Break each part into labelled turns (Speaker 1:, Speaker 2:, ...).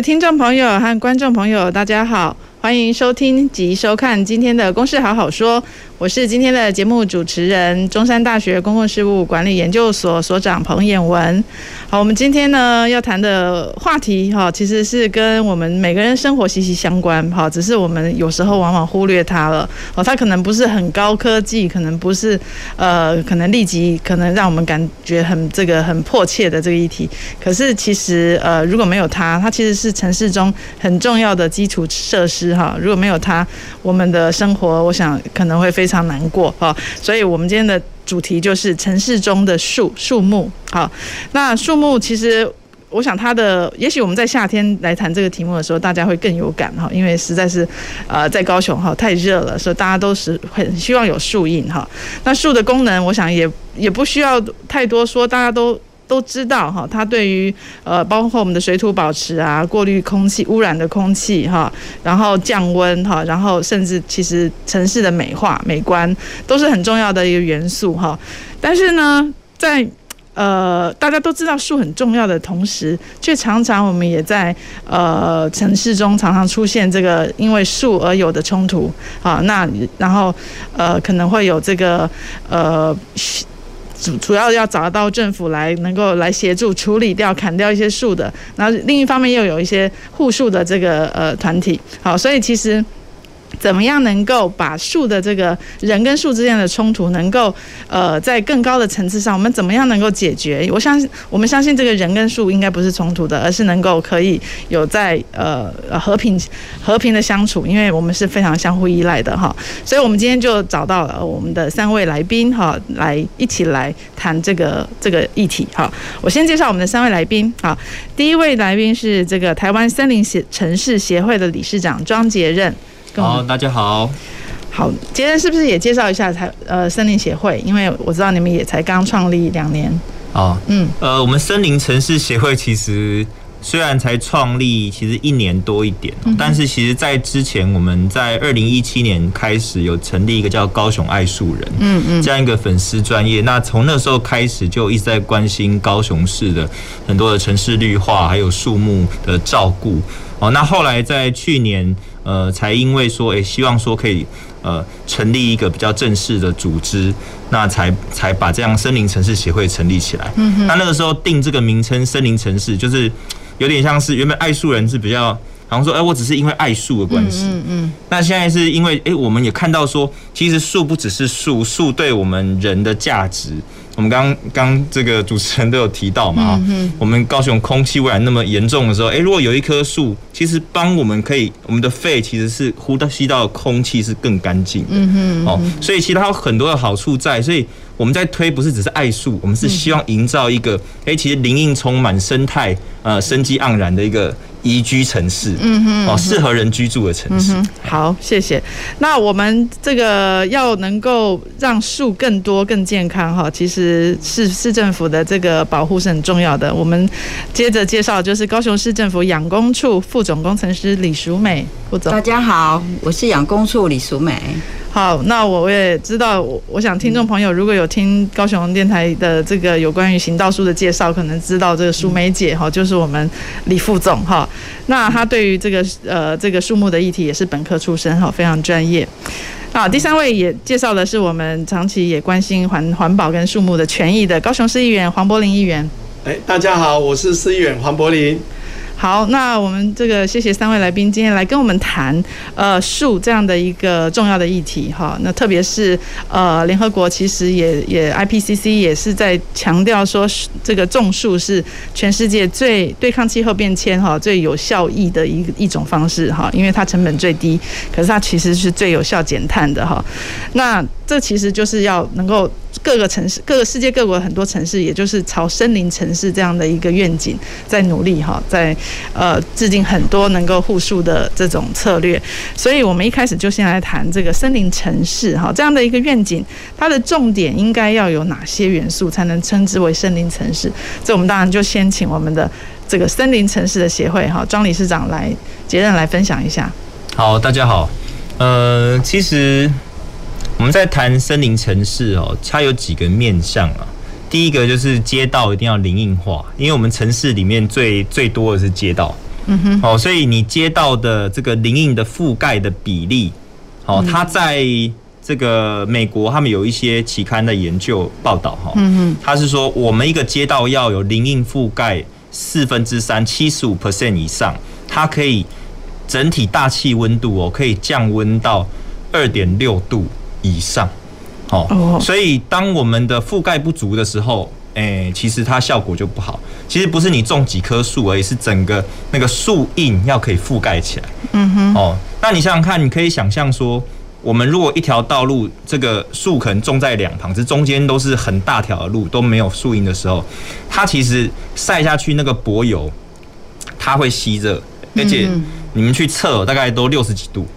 Speaker 1: 聽眾朋友和觀眾朋友，大家好，歡迎收聽及收看今天的《公事好好說》。我是今天的節目主持人，中山大學公共事務管理研究所所長彭渰雯。好，我們今天呢要談的話題哈，其實是跟我們每個人生活息息相關哈，只是我們有時候往往忽略它了哦，它可能不是很高科技，可能不是呃，可能立即可能讓我們感覺很這個很迫切的這個議題。可是其實呃，如果沒有它，它其實是城市中很重要的基礎設施哈。如果沒有它，我們的生活我想可能會非。非常難過哈，所以我們今天的主題就是城市中的樹、樹木。好，那樹木其實，我想它的，也許我們在夏天來談這個題目的時候，大家會更有感哈，因為實在是，呃，在高雄哈太熱了，所以大家都是很希望有樹蔭哈。那樹的功能，我想也也不需要太多說，大家都都知道哈，它對於呃，包括我們的水土保持啊，過濾空氣，污染的空氣哈，然後降溫哈，然後甚至其實城市的美化美觀都是很重要的一個元素哈。但是呢，在呃大家都知道樹很重要的同時，卻常常我們也在呃城市中常常出現這個因為樹而有的衝突啊。那然後呃可能會有這個呃。主主要要找到政府來能夠來協助處理掉砍掉一些樹的。然後另一方面又有一些護樹的這個呃團體，好，所以其實。怎麼樣能夠把樹的這個人跟樹之間的衝突，能夠呃在更高的層次上，我們怎麼樣能夠解決？我相信我們相信這個人跟樹應該不是衝突的，而是能夠可以有在呃和平和平的相處，因為我們是非常相互依賴的哈。所以我們今天就找到了我們的三位來賓哈，來一起來談這個這個議題哈。我先介紹我們的三位來賓啊，第一位來賓是這個台灣森林協城市協會的理事長莊傑任。
Speaker 2: 好，大家好。好，
Speaker 1: 今天是不是也介紹一下台呃森林協會？因為我知道你們也才剛創立兩年。
Speaker 2: 哦，嗯，呃，我們森林城市協會其實雖然才創立，其實一年多一點，嗯哼，但是其實在之前，我們在二零一七年開始有成立一個叫高雄愛樹人，嗯嗯，這樣一個粉絲專業。那從那時候開始，就一直在關心高雄市的很多的城市綠化還有樹木的照顧。哦，那後來在去年。呃，才因為說，誒、欸，希望說可以，呃，成立一個比較正式的組織，那才才把這樣森林城市協會成立起來。嗯哼，那那個時候定這個名稱“森林城市”，就是有點像是原本愛樹人是比較。好像說，哎，我只是因為愛樹的關係。嗯嗯。嗯嗯，那現在是因為，哎，我們也看到說，其實樹不只是樹，樹對我們人的價值，我們剛剛這個主持人都有提到嘛，啊、嗯，嗯、我們高雄空氣污染那麼嚴重的時候，哎，如果有一棵樹，其實幫我們可以，我們的肺其實是呼到吸到的空氣是更乾淨的。嗯，嗯，嗯，哦，所以其實它有很多的好處在，所以我們在推不是只是愛樹，我們是希望營造一個，哎、嗯，其實林蔭充滿生態，呃，生機盎然的一個。宜居城市，嗯嗯哦，適合人居住的城
Speaker 1: 市。嗯嗯、好，謝謝。那我們這個要能夠讓樹更多、更健康哈，其實市市政府的這個保護是很重要的。我們接着介紹，就是高雄市政府養工處副總工程司李淑美，副總。大家好，我是養工處李淑美。好，那我也知道，我我想聽眾朋友如果有聽高雄電台的這個有關於行道樹的介紹，可能知道這個淑美姐哈，就是我們李副總哈。那他對於這個呃這個樹木的議題也是本科出身哈，非常專業。好，第三位也介紹的是我們長期也關心環環保跟樹木的權益的高雄市議員黃柏霖議員。誒、
Speaker 3: 欸，大家好，我是市議員黃柏霖。
Speaker 1: 好，那我們這個謝謝三位來賓今天來跟我們談，呃，樹這樣的一個重要的議題哈。那特別是呃，聯合國其實也也 IPCC 也是在強調說，這個種樹是全世界最對抗氣候變遷哈，最有效益的一一種方式哈，因為它成本最低，可是它其實是最有效減碳的哈。那這其實就是要能夠。各個城市，各個世界各國很多城市，也就是朝森林城市這樣的一個願景在努力哈，在呃制定很多能夠護樹的這種策略。所以我們一開始就先來談這個森林城市哈這樣的一個願景，它的重點應該要有哪些元素才能稱之為森林城市？這我們當然就先請我們的這個森林城市的協會哈莊理事長來傑任來分享一下。
Speaker 2: 好，大家好，呃，其實。我們在談森林城市哦，它有幾個面向啊？第一個就是街道一定要林蔭化，因為我們城市裡面最最多的是街道，嗯哼，哦，所以你街道的這個林蔭的覆蓋的比例，
Speaker 4: 哦，它
Speaker 2: 在這個美國他們有一些期刊的研究報道哈，嗯哼，它是說我們一個街道要有林蔭覆蓋四分之三，七十五 percent 以上，它可以整體大氣溫度哦可以降溫到二點六度。以上，哦，oh. 所以當我們的覆蓋不足的時候，誒、欸，其實它效果就不好。其實不是你種幾棵樹而已，是整個那個樹蔭要可以覆蓋起來。嗯哼、mm，hmm. 哦，那你想想看，你可以想象說，我們如果一條道路這個樹可能種在兩旁，這中間都是很大條的路都沒有樹蔭的時候，它其實曬下去那個柏油，它會吸熱，而且你們去測大概都六十幾度，mm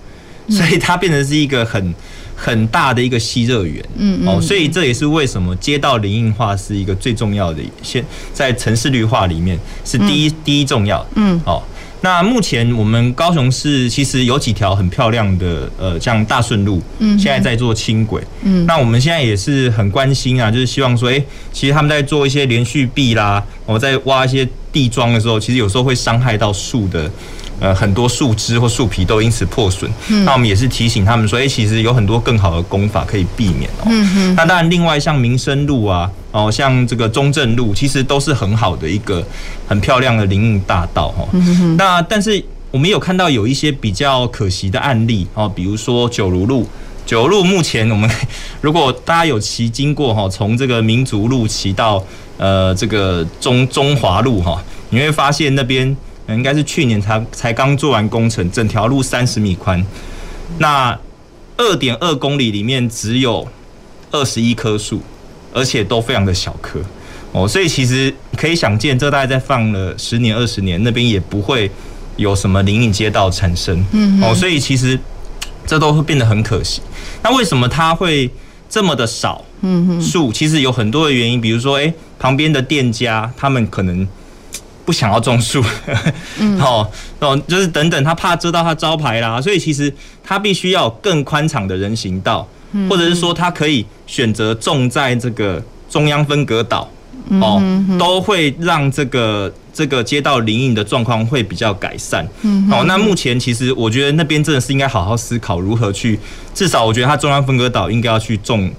Speaker 2: hmm. 所以它變成是一個很。很大的一個吸熱源，嗯，嗯，哦，所以這也是為什麼街道林蔭化是一個最重要的，現在城市綠化裡面是第一、嗯、第一重要。嗯，嗯，哦，那目前我們高雄市其實有幾條很漂亮的，呃，像大順路，嗯，現在在做輕軌、嗯，嗯，那我們現在也是很關心啊，就是希望說，誒、欸，其實他們在做一些連續壁啦，我們、哦、在挖一些地樁的時候，其實有時候會傷害到樹的。呃，很多樹枝或樹皮都因此破損。嗯、那我們也是提醒他們說，以、欸、其實有很多更好的工法可以避免哦。嗯、哼那當然，另外像民生路啊，哦，像這個中正路，其實都是很好的一個很漂亮的林蔭大道哈、哦。嗯、哼那但是我們有看到有一些比較可惜的案例哦，比如說九如路，九如路目前我們如果大家有騎經過哈、哦，從這個民族路騎到呃這個中中華路哈、哦，你會發現那邊。應該是去年才才剛做完工程，整條路三十米寬，那二點二公里裡面只有二十一棵樹，而且都非常的小棵哦，所以其實可以想見，這大概再放了十年、二十年，那邊也不會有什麼林蔭街道產生。嗯哦，所以其實這都會變得很可惜。那為什麼它會這麼的少？嗯樹其實有很多的原因，比如說，欸，旁邊的店家他們可能。不想要種樹，哦、 嗯、哦，就是等等，他怕遮到他招牌啦，所以其實他必須要更寬敞的人行道，嗯、或者是說他可以選擇種在這個中央分隔島，哦，嗯嗯嗯、都會讓這個這個街道林蔭的狀況會比較改善，嗯，好、嗯哦，那目前其實我覺得那邊真的是應該好好思考如何去，至少我覺得它中央分隔島應該要去種。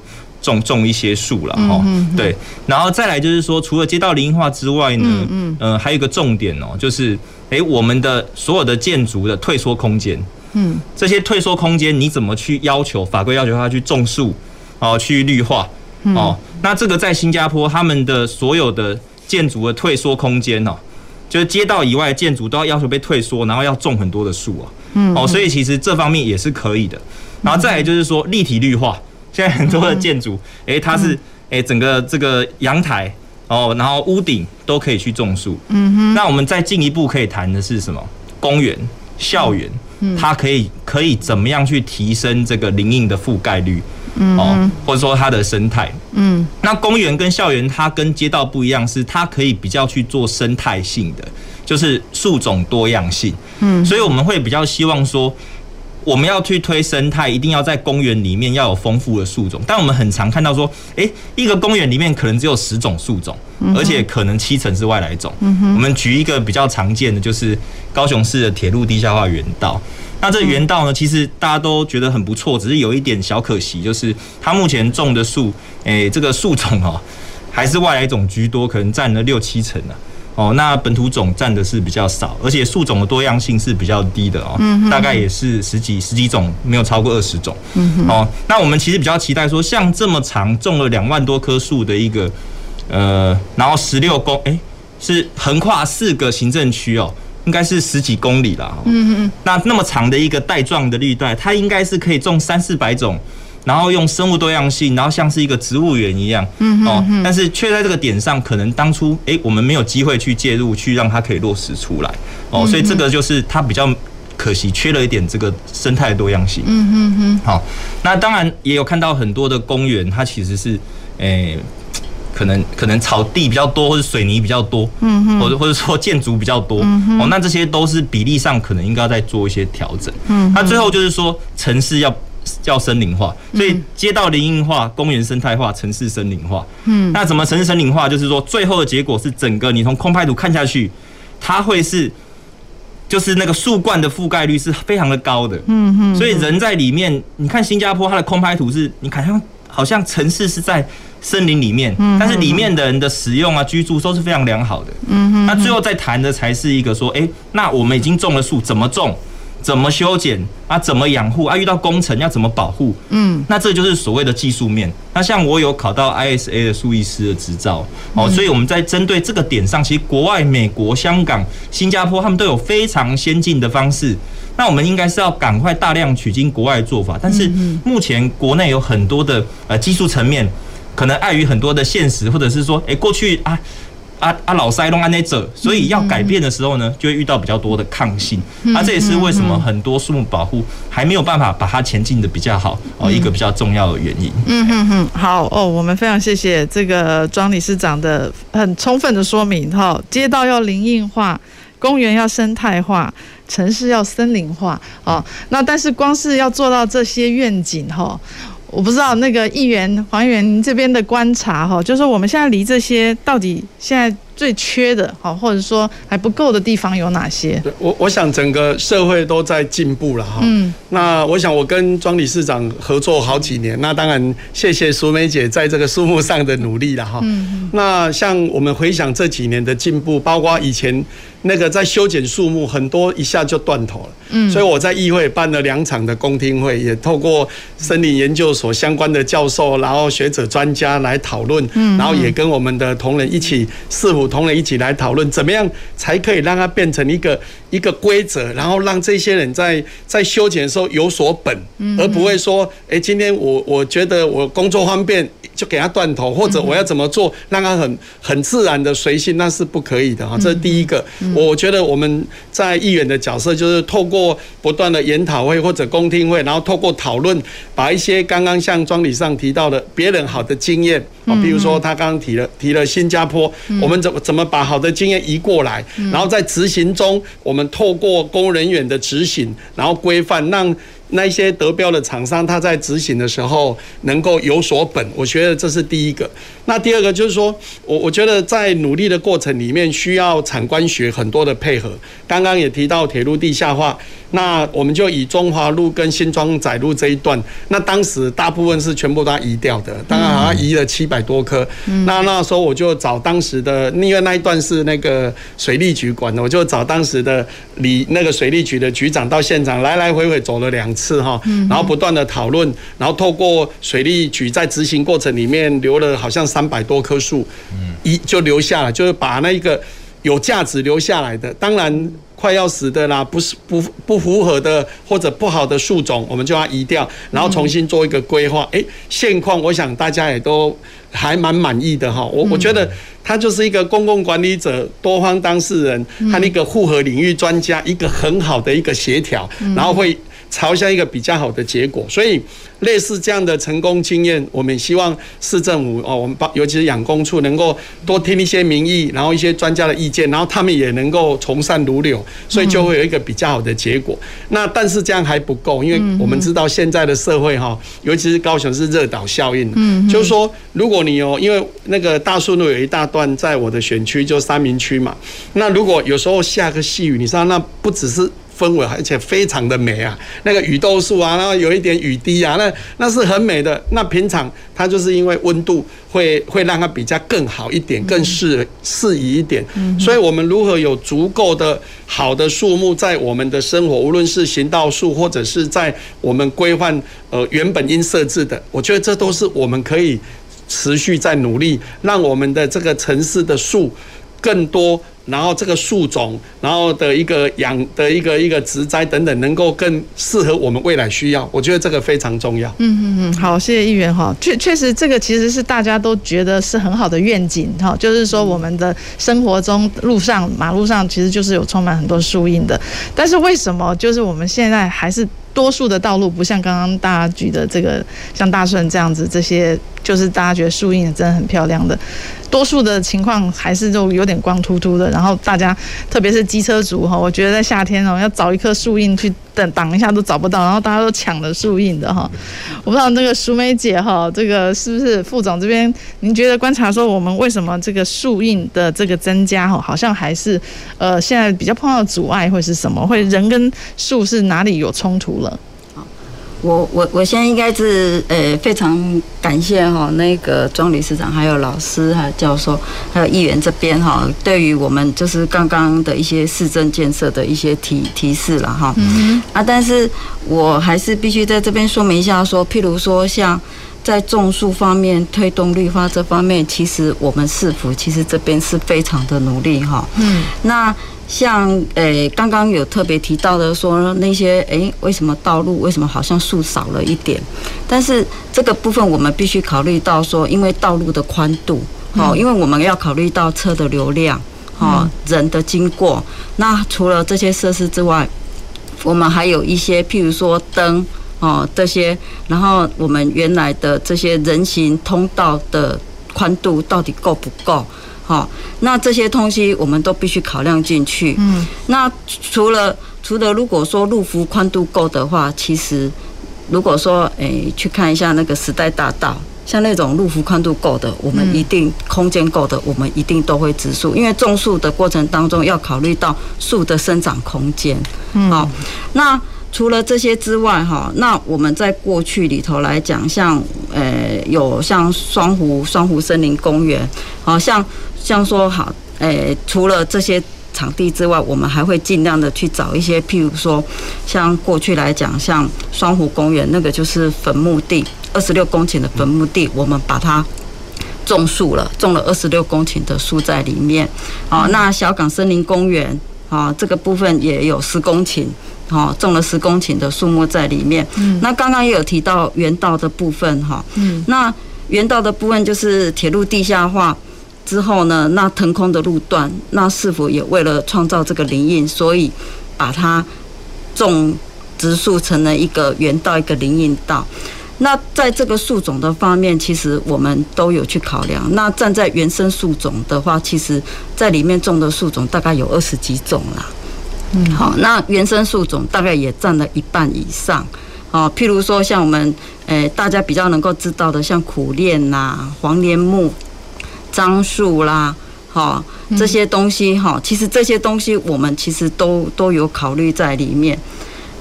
Speaker 2: 種種一些樹了哈，嗯、哼哼對，然後再來就是說，除了街道林蔭化之外呢，嗯，嗯、呃，還有一個重點哦、喔，就是，誒、欸，我們的所有的建築的退縮空間，嗯，這些退縮空間你怎麼去要求法規要求他去種樹啊，去綠化，哦、啊，嗯、那這個在新加坡他們的所有的建築的退縮空間哦、啊，就是街道以外的建築都要要求被退縮，然後要種很多的樹哦、啊。嗯哼，哦、喔，所以其實這方面也是可以的，然後再來就是說、嗯、哼立體綠化。現在很多的建築，嗯、誒，它是誒，整個這個陽台哦，然後屋頂都可以去種樹。嗯哼。那我們再進一步可以談的是什麼？公園、校園，嗯、它可以可以怎麼樣去提升這個林蔭的覆蓋率？哦、嗯哼。或者說它的生態？
Speaker 4: 嗯。
Speaker 2: 那公園跟校園，它跟街道不一樣是，是它可以比較去做生態性的，就是樹種多樣性。嗯哼。所以我們會比較希望說。我們要去推生態，一定要在公園裡面要有豐富的樹種。但我們很常看到說，誒、欸，一個公園裡面可能只有十種樹種，而且可能七成是外來種。嗯、哼我們舉一個比較常見的，就是高雄市的鐵路地下化園道。那這個園道呢，其實大家都覺得很不錯，只是有一點小可惜，就是它目前種的樹，誒、欸，這個樹種哦、喔，還是外來種居多，可能占了六七成呢、啊。哦，那本土種占的是比較少，而且樹種的多樣性是比較低的哦，嗯、哼大概也是十幾十幾種，沒有超過二十種。嗯、哼哦，那我們其實比較期待說，像這麼長種了兩萬多棵樹的一個呃，然後十六公誒，是橫跨四個行政區哦，應該是十幾公里啦。哦、嗯嗯哼，那那麼長的一個帶狀的綠帶，它應該是可以種三四百種。然後用生物多樣性，然後像是一個植物園一樣，哦、嗯，但是卻在這個點上，可能當初誒，我們沒有機會去介入，去讓它可以落實出來，哦，嗯、哼所以這個就是它比較可惜，缺了一點這個生態多樣性。嗯嗯，嗯，好，那當然也有看到很多的公園，它其實是誒，可能可能草地比較多，或者水泥比較多，嗯或哼者或者說建築比較多，嗯、哼哦，那這些都是比例上可能應該要再做一些調整。嗯哼，那最後就是說城市要叫森林化，所以街道林蔭化、公園生態化、城市森林化。嗯、那怎麼城市森林化？就是說，最後的結果是整個你從空拍圖看下去，它會是，就是那個樹冠的覆蓋率是非常的高的。嗯嗯嗯、所以人在裡面，你看新加坡它的空拍圖是，你看好像，好像城市是在森林裡面，嗯嗯、但是裡面的人的使用啊、居住都是非常良好的。嗯嗯嗯、那最後再談的才是一個說，哎、欸，那我們已經種了樹，怎麼種？怎麼修剪啊？怎麼養護啊？遇到工程要怎麼保護？嗯，那這就是所謂的技術面。那像我有考到 ISA 的樹藝師的執照，哦，嗯、所以我們在針對這個點上，其實國外、美國、香港、新加坡他們都有非常先進的方式。那我們應該是要趕快大量取經國外做法，但是目前國內有很多的呃技術層面，可能礙於很多的現實，或者是說，哎、欸，過去啊。啊啊！老塞攏安在者，所以要改變的時候呢，就會遇到比較多的抗性。嗯、啊，這也是為什麼很多樹木保護還沒有辦法把它前進的比較好哦，一個比較重要的原因。嗯
Speaker 1: 嗯嗯，嗯，好哦，我們非常謝謝這個莊理事長的很充分的說明哈、哦。街道要林蔭化，公園要生態化，城市要森林化哦，那但是光是要做到這些願景哈。哦我不知道那個議員，黃議員，您這邊的觀察哈，就是我們現在離這些到底現在。最缺的，哈，或者說還不夠的地方有哪些？
Speaker 3: 我我想整個社會都在進步了哈。嗯，那我想我跟莊理事長合作好幾年，那當然謝謝淑美姐在這個樹木上的努力了哈。嗯，那像我們回想這幾年的進步，包括以前那個在修剪樹木，很多一下就斷頭了。嗯。所以我在議會辦了兩場的公聽會，也透過森林研究所相關的教授，然後學者專家來討論，嗯，嗯，然後也跟我們的同仁一起四五。普通人一起來討論，怎麼樣才可以讓它變成一個一個規則，然後讓這些人在在修剪的時候有所本，嗯嗯而不會說，哎、欸，今天我我覺得我工作方便就給他斷頭，或者我要怎麼做，嗯嗯，讓他很很自然的隨性，那是不可以的哈。這是第一個，嗯嗯嗯，我覺得我們在議員的角色就是透過不斷的研討會或者公聽會，然後透過討論，把一些剛剛像莊理事長提到的別人好的經驗啊，比如說他剛剛提了提了新加坡，嗯嗯我們怎我怎麼把好的經驗移過來？然後在執行中，我們透過公務人員的執行，然後規範讓，那一些得標的廠商，他在執行的時候能夠有所本，我覺得這是第一個。那第二個就是說，我我覺得在努力的過程裡面，需要產官學很多的配合。剛剛也提到鐵路地下化，那我們就以中華路跟新莊仔路這一段，那當時大部分是全部都要移掉的，當然好像移了七百多棵。那那時候我就找當時的，因為那一段是那個水利局管的，我就找當時的李那個水利局的局長到現場來來回回走了兩次。是哈，然後不斷的討論，然後透過水利局在執行過程裡面留了好像三百多棵樹，嗯，移就留下來，就是把那一個有價值留下來的，當然快要死的啦，不是不不符合的或者不好的樹種，我們就要移掉，然後重新做一個規劃。誒，現況我想大家也都還蠻滿意的哈，我我覺得他就是一個公共管理者，多方當事人，他那個複合領域專家，一個很好的一個協調，然後會朝向一個比較好的結果，所以類似這樣的成功經驗，我們也希望市政府哦，我們尤其是養工處能夠多聽一些民意，然後一些專家的意見，然後他們也能夠從善如流，所以就會有一個比較好的結果。那但是這樣還不夠，因為我們知道現在的社會哈，尤其是高雄是熱島效應，就是說如果你有，因為那個大順路有一大段在我的選區，就三民區嘛，那如果有時候下個細雨，你知道那不只是。氛圍，而且非常的美啊！那個雨豆樹啊，然後有一點雨滴啊，那那是很美的。那平常它就是因為溫度會會讓它比較更好一點，更適適宜一點。嗯、哼所以我們如何有足夠的好的樹木在我們的生活，無論是行道樹，或者是在我們規劃呃原本應設置的，我覺得這都是我們可以持續在努力，讓我們的這個城市的樹更多。然後這個樹種，然後的一個養的一個一個植栽等等，能夠更適合我們未來需要，我覺得這個非常重要。嗯
Speaker 1: 嗯嗯，好，謝謝議員哈。確確實，這個其實是大家都覺得是很好的願景哈，就是說我們的生活中路上、馬路上，其實就是有充滿很多樹蔭的。但是為什麼，就是我們現在還是多數的道路不像剛剛大家舉的這個，像大順這樣子，這些就是大家覺得樹蔭真的很漂亮的。多數的情況還是就有點光禿禿的，然後大家，特別是機車族哈，我覺得在夏天哦，要找一棵樹蔭去等擋一下都找不到，然後大家都搶了樹蔭的哈。 我不知道那個淑美姐哈，這個是不是副總這邊您覺得觀察說我們為什麼這個樹蔭的這個增加哈，好像還是呃現在比較碰到阻礙，會是什麼？會人跟樹是哪裡有衝突了？我我我現在應該是呃非常
Speaker 5: 感謝哈那個莊理事長還有老師還有教授還有議員這邊哈對於我們就是剛剛的一些市政建設的一些提提示了哈嗯啊，但是我還是必須在這邊說明一下說，譬如說像在種樹方面推動綠化這方面，其實我們市府其實這邊是非常的努力哈嗯那。像誒，剛、欸、剛有特別提到的說，說那些誒、欸，為什麼道路為什麼好像樹少了一點？但是這個部分我們必須考慮到說，說因為道路的寬度，哦，因為我們要考慮到車的流量，哦，人的經過。嗯、那除了這些設施之外，我們還有一些，譬如說燈，哦，這些，然後我們原來的這些人行通道的寬度到底夠不夠？好，那這些東西我們都必須考量進去。嗯，那除了除了如果說路幅寬度夠的話，其實如果說誒、欸、去看一下那個時代大道，像那種路幅寬度夠的，我們一定、嗯、空間夠的，我們一定都會植樹，因為種樹的過程當中要考慮到樹的生長空間。好，嗯、那除了這些之外，哈，那我們在過去裡頭來講，像誒、欸、有像雙湖雙湖森林公園，好像。像說好，誒，除了這些場地之外，我們還會盡量的去找一些，譬如說，像過去來講，像雙湖公園那個就是墳墓地，二十六公頃的墳墓地，我們把它種樹了，種了二十六公頃的樹在裡面。那小港森林公園，哦，這個部分也有十公頃，哦，種了十公頃的樹木在裡面。嗯。那剛剛也有提到園道的部分，哈。嗯。那園道的部分就是鐵路地下化。之後呢，那騰空的路段，那是否也為了創造這個林蔭，所以把它種植樹成了一個園道，一個林蔭道。那在這個樹種的方面，其實我們都有去考量。那站在原生樹種的話，其實在裡面種的樹種大概有二十幾種啦。嗯，
Speaker 4: 好，那
Speaker 5: 原生樹種大概也佔了一半以上。哦，譬如說像我們，誒、欸，大家比較能夠知道的，像苦楝吶、啊、黃連木。樟樹啦，哈，這些東西哈，其實這些東西我們其實都都有考慮在裡面，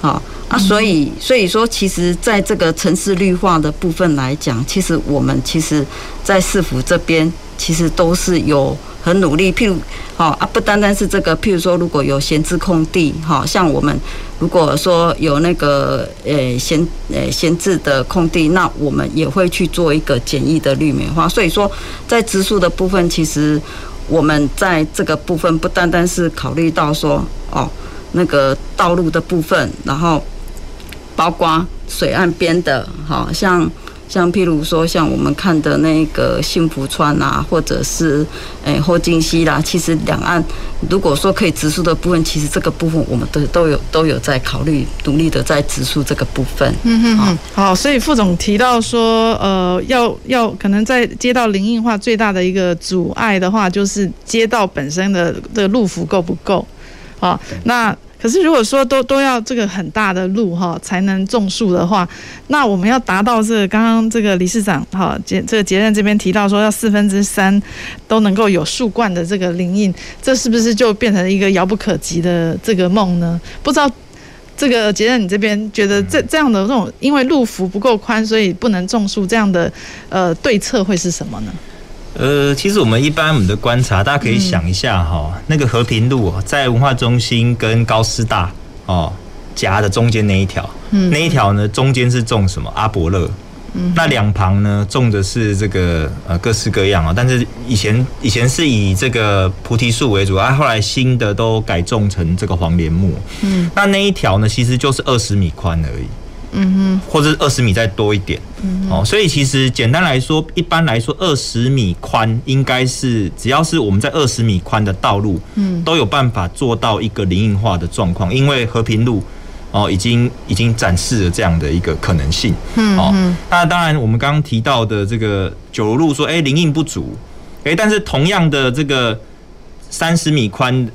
Speaker 5: 哈，啊，所以所以說，其實在這個城市綠化的部分來講，其實我們其實，在市府這邊其實都是有。很努力，譬如，好、哦、啊，不單單是這個，譬如說，如果有閒置空地，好、哦，像我們如果說有那個呃、欸、閒呃、欸、閒置的空地，那我們也會去做一個簡易的綠美化。所以說，在植樹的部分，其實我們在這個部分不單單是考慮到說哦，那個道路的部分，然後包括水岸邊的，好、哦、像。像譬如說，像我們看的那個幸福川啊，或者是哎後勁溪啦，其實兩岸如果說可以植樹的部分，其實這個部分我們都都有都有在考慮，努力的在植樹這個部分。
Speaker 1: 嗯哼哼。好，好，所以副總提到說，呃，要要可能在街道林蔭化最大的一個阻礙的話，就是街道本身的這個路幅夠不夠？好，那可是如果說都都要這個很大的路哈、哦、才能種樹的話，那我們要達到這個、剛剛這個理事長哈、哦、傑這個杰任這邊提到說要四分之三都能夠有樹冠的這個林蔭，這是不是就變成一個遙不可及的這個夢呢？不知道這個杰任你這邊覺得這這樣的這種因為路幅不夠寬，所以不能種樹這樣的呃對策會是什麼呢？
Speaker 2: 呃，其實我們一般我們的觀察，大家可以想一下哈、喔，嗯、那個和平路、喔、在文化中心跟高師大哦、喔、夾的中間那一條，嗯、那一條呢，中間是種什麼？阿勃勒，嗯、
Speaker 4: 那兩
Speaker 2: 旁呢，種的是這個呃各式各樣啊、喔，但是以前以前是以這個菩提樹為主，啊後來新的都改種成這個黃連木。嗯、那那一條呢其實就是二十米寬而已。嗯哼，或者是二十米再多一點，嗯哼哦，所以其實簡單來說，一般來說二十米寬應該是只要是我們在二十米寬的道路，嗯，都有辦法做到一個林蔭化的狀況，因為和平路，哦，已經已經展示了這樣的一個可能性，嗯哼哦，那當然我們剛剛提到的這個九如路說，哎、欸，林蔭不足，哎、欸，但是同樣的這個三十米寬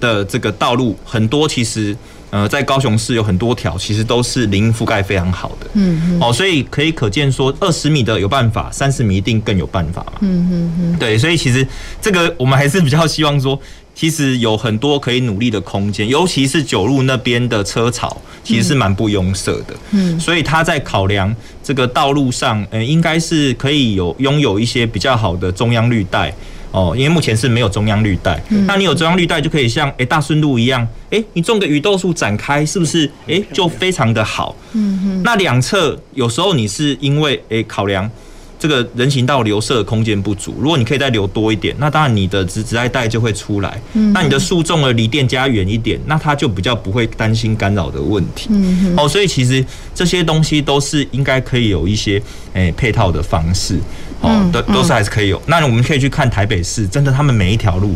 Speaker 2: 的這個道路很多其實。呃，在高雄市有很多條，其實都是林覆蓋非常好的。嗯，嗯哦，所以可以可見說，二十米的有辦法，三十米一定更有辦法嘛。嗯
Speaker 4: 嗯嗯，嗯嗯
Speaker 2: 對，所以其實這個我們還是比較希望說，其實有很多可以努力的空間，尤其是九路那邊的車潮其實是蠻不擁塞的嗯。嗯，所以他在考量這個道路上，嗯、呃，應該是可以有擁有一些比較好的中央綠帶。哦，因為目前是沒有中央綠帶，那你有中央綠帶就可以像誒、欸、大順路一樣，誒、欸、你種個雨豆樹展開，是不是誒、欸、就非常的好？嗯
Speaker 4: 哼。那
Speaker 2: 兩側有時候你是因為誒、欸、考量這個人行道留設的空間不足，如果你可以再留多一點，那當然你的植栽帶就會出來。嗯。那你的樹種了離店家遠一點，那它就比較不會擔心干擾的問題。嗯哼。哦，所以其實這些東西都是應該可以有一些誒、欸、配套的方式。哦，都、嗯嗯、都是還是可以有。那我們可以去看台北市，真的，他們每一條路，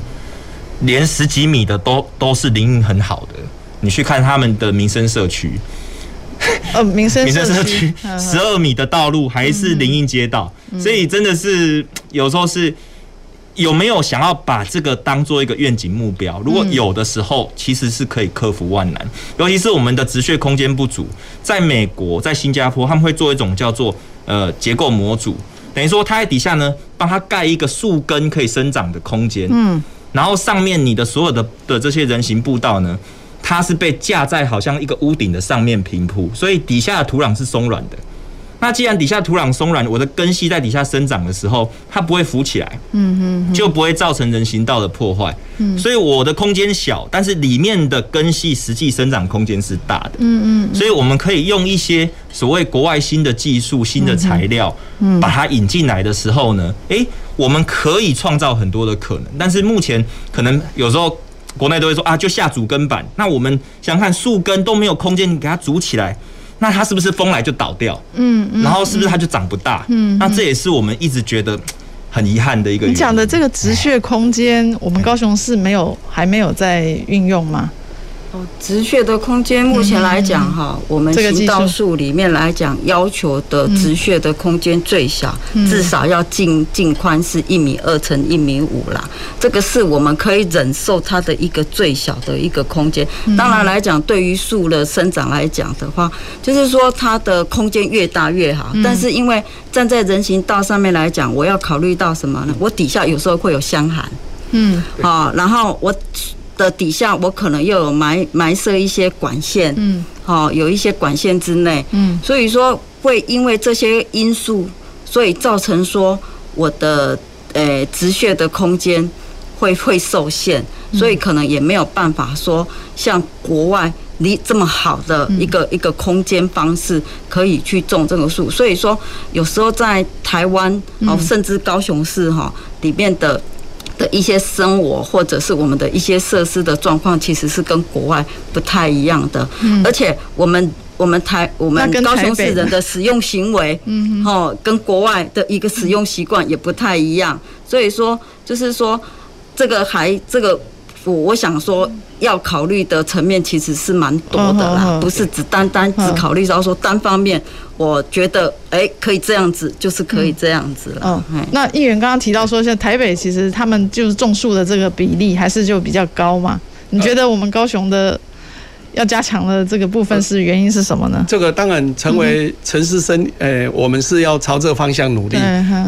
Speaker 2: 連十幾米的都都是林蔭很好的。你去看他們的民生社區，
Speaker 1: 呃、哦，民生民生社區
Speaker 2: 十二米的道路還是林蔭街道，嗯嗯、所以真的是有時候是有沒有想要把這個當做一個願景目標？如果有的時候，其實是可以克服萬難。尤其是我們的植穴空間不足，在美國，在新加坡，他們會做一種叫做呃結構模組。等於說，它在底下呢，幫它蓋一個樹根可以生長的空間。嗯，然後上面你的所有的的這些人行步道呢，它是被架在好像一個屋頂的上面平鋪，所以底下的土壤是鬆軟的。那既然底下土壤鬆軟，我的根系在底下生長的時候，它不會浮起來，嗯嗯，就不會造成人行道的破壞。嗯，嗯，嗯，所以我的空間小，但是裡面的根系實際生長空間是大的，嗯嗯，嗯，所以我們可以用一些所謂國外新的技術、新的材料，嗯，嗯嗯把它引進來的時候呢，誒、欸，我們可以創造很多的可能，但是目前可能有時候國內都會說啊，就下阻根板，那我們想看樹根都沒有空間，你給它阻起來。那它是不是風來就倒掉？嗯，
Speaker 1: 嗯，然後是不是它
Speaker 2: 就長不大？嗯，嗯嗯，那這也是我們一直覺得很遺憾的一個。你講的
Speaker 1: 這個植穴空間，我們高雄市沒有，嗯、還沒有在運用嗎？植穴的空間，目前來講
Speaker 5: 哈，我們行道樹裡面來講，要求的植穴的空間最小，至少要淨淨寬是一米二乘一米五啦。這個是我們可以忍受它的一個最小的一個空間。當然來講，對於樹的生長來講的話，就是說它的空間越大越好。但是因為站在人行道上面來講，我要考慮到什麼呢？我底下有時候會有箱涵，嗯，
Speaker 4: 好，
Speaker 5: 然後我。的底下，我可能又有埋埋設一些管線，嗯，好、哦，有一些管線之內，嗯，所以說會因為這些因素，所以造成說我的呃植穴的空間會會受限，嗯、所以可能也沒有辦法說像國外離這麼好的一個、嗯、一個空間方式可以去種這個樹，所以說有時候在台灣哦，甚至高雄市哈、哦、裡面的。的一些生活或者是我們的一些設施的狀況，其實是跟國外不太一樣的。而且我們我們台我們高雄市人的使用行為，嗯，哦，跟國外的一個使用習慣也不太一樣。所以說，就是說這個還這個。我我想說，要考慮的層面其實是蠻多的啦，不是只單單只考慮到說單方面，我覺得誒、欸，可以這樣子，就是可以這
Speaker 1: 樣子了，嗯。嗯、哦，那議員剛剛提到說，像台北其實他們就是種樹的這個比例還是就比較高嘛，你覺得我們高雄的？要加強的這個部分是原因是什麼呢？
Speaker 3: 這個當然成為城市生，誒、嗯哼欸，我們是要朝這個方向努力。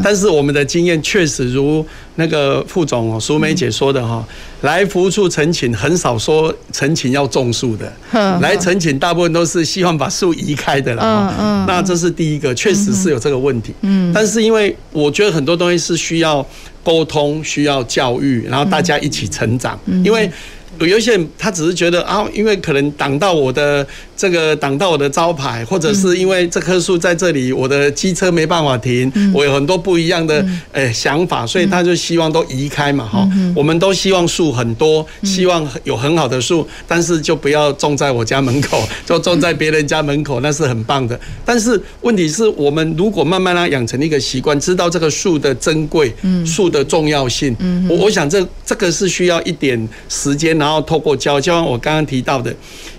Speaker 3: 但是我們的經驗確實如那個副總淑美姐說的哈，嗯、來服務處陳情很少說陳情要種樹的，呵呵來陳情大部分都是希望把樹移開的啦。嗯嗯，那這是第一個，確實是有這個問題。嗯哼，但是因為我覺得很多東西是需要溝通、需要教育，然後大家一起成長。嗯、因為有一些人，他只是覺得啊，因為可能擋到我的。這個擋到我的招牌，或者是因為這棵樹在這裡，我的機車沒辦法停。我有很多不一樣的誒想法，所以他就希望都移開嘛哈。嗯、哼我們都希望樹很多，希望有很好的樹，但是就不要種在我家門口，就種在別人家門口，那是很棒的。但是問題是我們如果慢慢讓它養成一個習慣，知道這個樹的珍貴，樹的重要性，我我想這這個是需要一點時間，然後透過教教我剛剛提到的。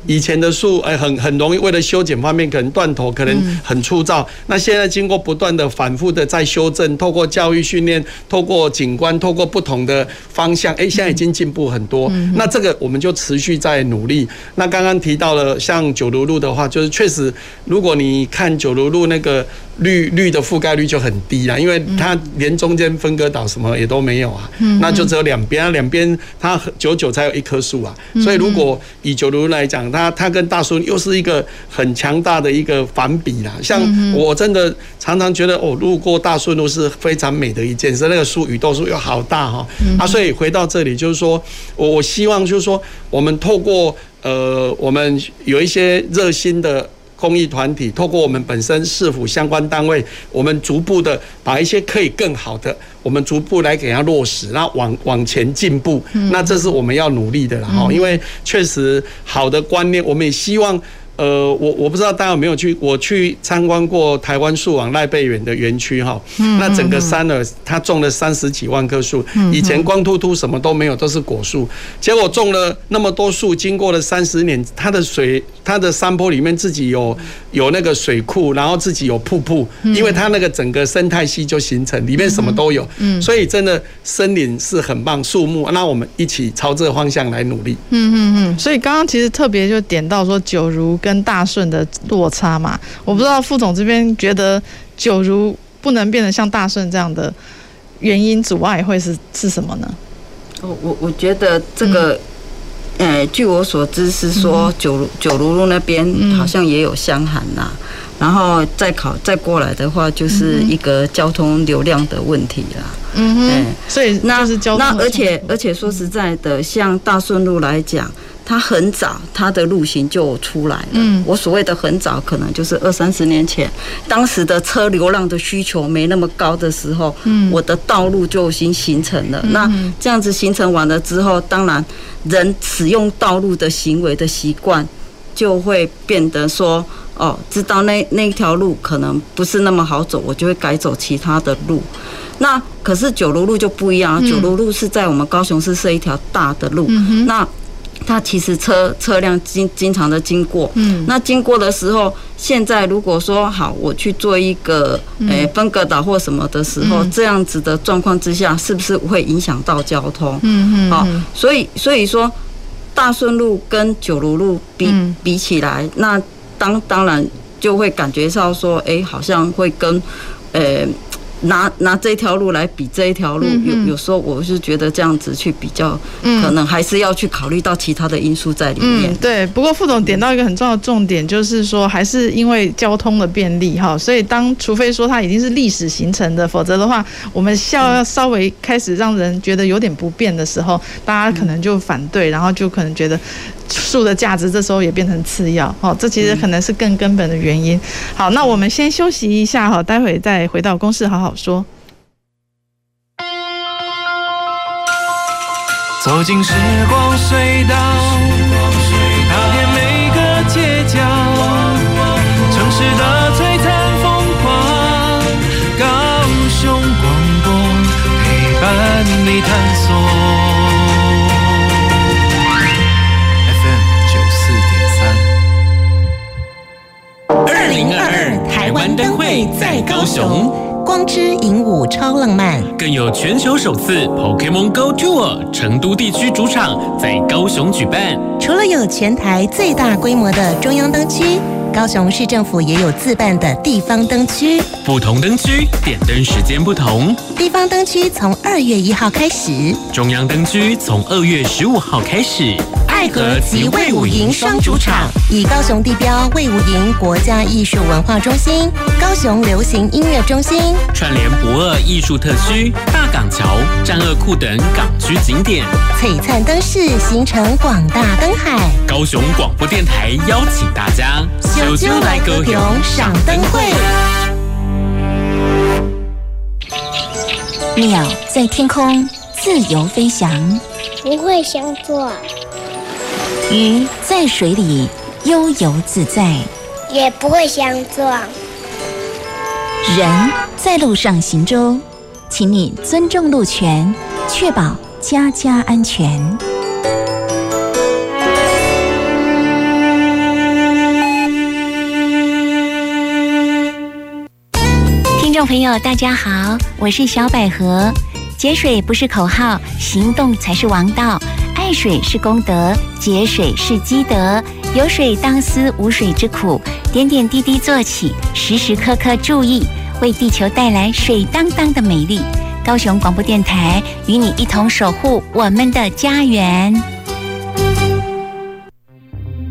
Speaker 3: 以前的樹，哎，很很容易，為了修剪方面，可能斷頭，可能很粗糙。那現在經過不斷的、反覆的在修正，透過教育訓練，透過景觀，透過不同的方向，哎、欸，現在已經進步很多。那這個我們就持續在努力。那剛剛提到了像九如路的話，就是確實，如果你看九如路那個。綠綠的覆蓋率就很低啦，因為它連中間分割島什麼也都沒有啊，嗯、哼那就只有兩邊啊，兩邊它久久才有一棵樹啊，所以如果以九如來講，它它跟大樹又是一個很強大的一個反比啦。像我真的常常覺得，我、哦、路過大順路是非常美的一件事，那個樹雨豆樹又好大哈、哦，嗯、哼啊，所以回到這裡就是說我我希望就是說，我們透過呃，我們有一些熱心的。公益團體透過我們本身市府相關單位，我們逐步的把一些可以更好的，我們逐步來給它落實，然後往往前進步，嗯、那這是我們要努力的了。哈，因為確實好的觀念，我們也希望。呃，我我不知道大家有沒有去，我去參觀過台灣樹王賴倍元的園區哈。那整個山呢，他種了三十幾萬棵樹，以前光禿禿什麼都沒有，都是果樹。結果種了那麼多樹，經過了三十年，它的水，它的山坡裡面自己有有那個水庫，然後自己有瀑布，因為它那個整個生態系就形成，裡面什麼都有。嗯。所以真的森林是很棒，樹木，那我們一起朝這個方向來努力。嗯
Speaker 1: 嗯嗯。所以剛剛其實特別就點到說九如跟。跟大順的落差嘛，我不知道副總這邊覺得九如不能變得像大順這樣的原因阻礙會是是什麼呢？
Speaker 5: 我我我覺得這個，呃、嗯欸，據我所知是說九九、嗯、哼如路那邊好像也有箱涵吶，嗯、哼然後再考再過來的話，就是一個交通流量的問題啦。嗯哼，對所以那是交通那，那而且而且說實在的，像大順路來講。它很早，它的路型就出來了。嗯、我所謂的很早，可能就是二三十年前，當時的車流量的需求沒那麼高的時候，嗯、我的道路就已經形成了。嗯、哼那這樣子形成完了之後，當然人使用道路的行為的習慣就會變得說，哦，知道那那一條路可能不是那麼好走，我就會改走其他的路。那可是九如路，路就不一樣，嗯、九如路，路是在我們高雄市設一條大的路，嗯、哼那。它其實車車輛經經常的經過，嗯，那經過的時候，現在如果說好，我去做一個誒分隔島或什麼的時候，嗯、這樣子的狀況之下，是不是會影響到交通？嗯嗯，嗯好，所以所以說，大順路跟九如路，路比比起來，嗯、那當然當然就會感覺到說，誒，好像會跟，呃。拿拿這條路來比這一條路，嗯嗯，有有時候我是覺得這樣子去比較，嗯、可能還是要去考慮到其他的因素在裡面。嗯、
Speaker 1: 對，不過副總點到一個很重要的重點，嗯、就是說還是因為交通的便利哈，所以當除非說它已經是歷史形成的，否則的話，我們需要稍微開始讓人覺得有點不便的時候，大家可能就反對，嗯、然後就可能覺得。樹的價值這時候也變成次要，哦，這其實可能是更根本的原因。嗯、好，那我們先休息一下哈，待會再回到公事好好說。走進時
Speaker 3: 光隧道，踏遍每，每個街角，哇哇哇哇城市的璀璨風光，高雄廣播陪伴你探索。
Speaker 2: 燈會在高雄，
Speaker 5: 光之影
Speaker 2: 舞超浪漫，更有全球首次 Pokemon Go Tour 成都地區主場在高雄舉辦。
Speaker 3: 除了有全台最大規模的中央燈區。高雄市政府也有自辦的地方燈區，
Speaker 2: 不同燈區點燈時間不同。
Speaker 3: 地方燈區從二月一號開始，
Speaker 2: 中央燈區從二月十五號開始。愛河及衛
Speaker 3: 武營雙主場，以高雄地標衛武營國家藝術文化中心、高雄流行音樂中心，
Speaker 2: 串聯駁二藝術特區、大港橋、棧貳庫等港區景點，
Speaker 3: 璀璨燈飾形成廣大燈海。
Speaker 2: 高雄廣播電臺邀請大家。
Speaker 3: 酒酒來喝酒，
Speaker 5: 賞燈會。鳥在天空自由飛翔，不會相撞。魚在水裡悠游自在，也不會相撞。人在路上行舟，請你尊重路權，確保家家安全。
Speaker 3: 朋友，大家好，
Speaker 1: 我是小百合。節水不是口號，行動才是王道。愛水是功德，節水是積德。有水當思無水之苦，點點滴滴做起，時時刻刻注意，為地球帶來水當當的美麗。高雄廣播電臺與你一同守護我們的家園。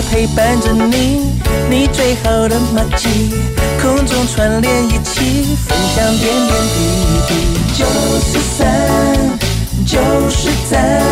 Speaker 2: 陪伴着你，
Speaker 4: 你最好的默契，空中串聯一起，分享點點滴滴。 就是三就是三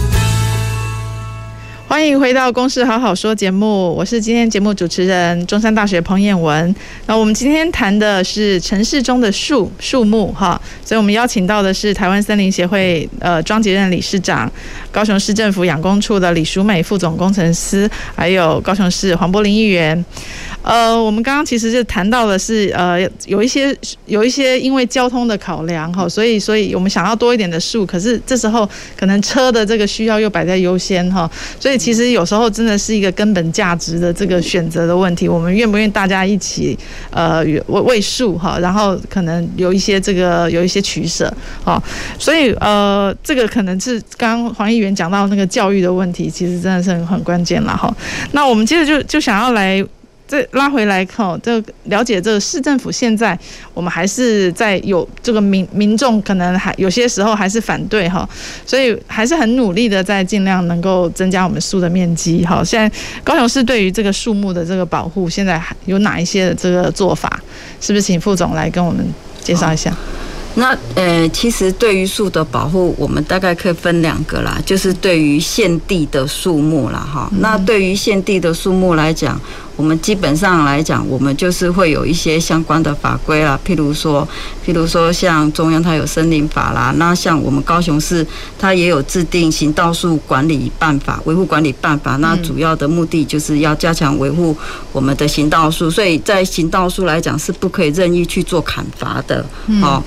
Speaker 1: 歡迎回到《公事好好說》節目，我是今天節目主持人中山大學彭渰雯。那我們今天談的是城市中的樹樹木哈，所以我們邀請到的是台灣森林協會呃莊傑任理事長、高雄市政府養工處的李淑美副總工程司，還有高雄市黃柏霖議員。呃，我們剛剛其實就談到的是，呃，有一些有一些因為交通的考量哈、哦，所以所以我們想要多一點的樹，可是這時候可能車的這個需要又擺在優先哈、哦，所以其實有時候真的是一個根本價值的這個選擇的問題，我們願不願意大家一起呃為為樹哈、哦，然後可能有一些這個有一些取舍哈、哦，所以呃，這個可能是剛剛黃議員講到那個教育的問題，其實真的是很關鍵了哈、哦。那我們接着就就想要來。再拉回來哈，這了解，這個市政府現在我們還是在有這個民民眾可能還有些時候還是反對哈，所以還是很努力的在盡量能夠增加我們樹的面積哈。現在高雄市對於這個樹木的這個保護，現在還有哪一些的這個做法？是不是請副總來跟我們介紹一下？那呃，其實對於樹的保
Speaker 5: 護，我們大概可以分兩
Speaker 1: 個啦，就是
Speaker 5: 對於現地的樹木啦哈。那對於現地的樹木來講。我們基本上來講，我們就是會有一些相關的法規啊，譬如說，譬如說，像中央它有森林法啦，那像我們高雄市它也有制定行道樹管理辦法，維護管理辦法。那主要的目的就是要加強維護我們的行道樹，所以在行道樹來講是不可以任意去做砍伐的，好、嗯。哦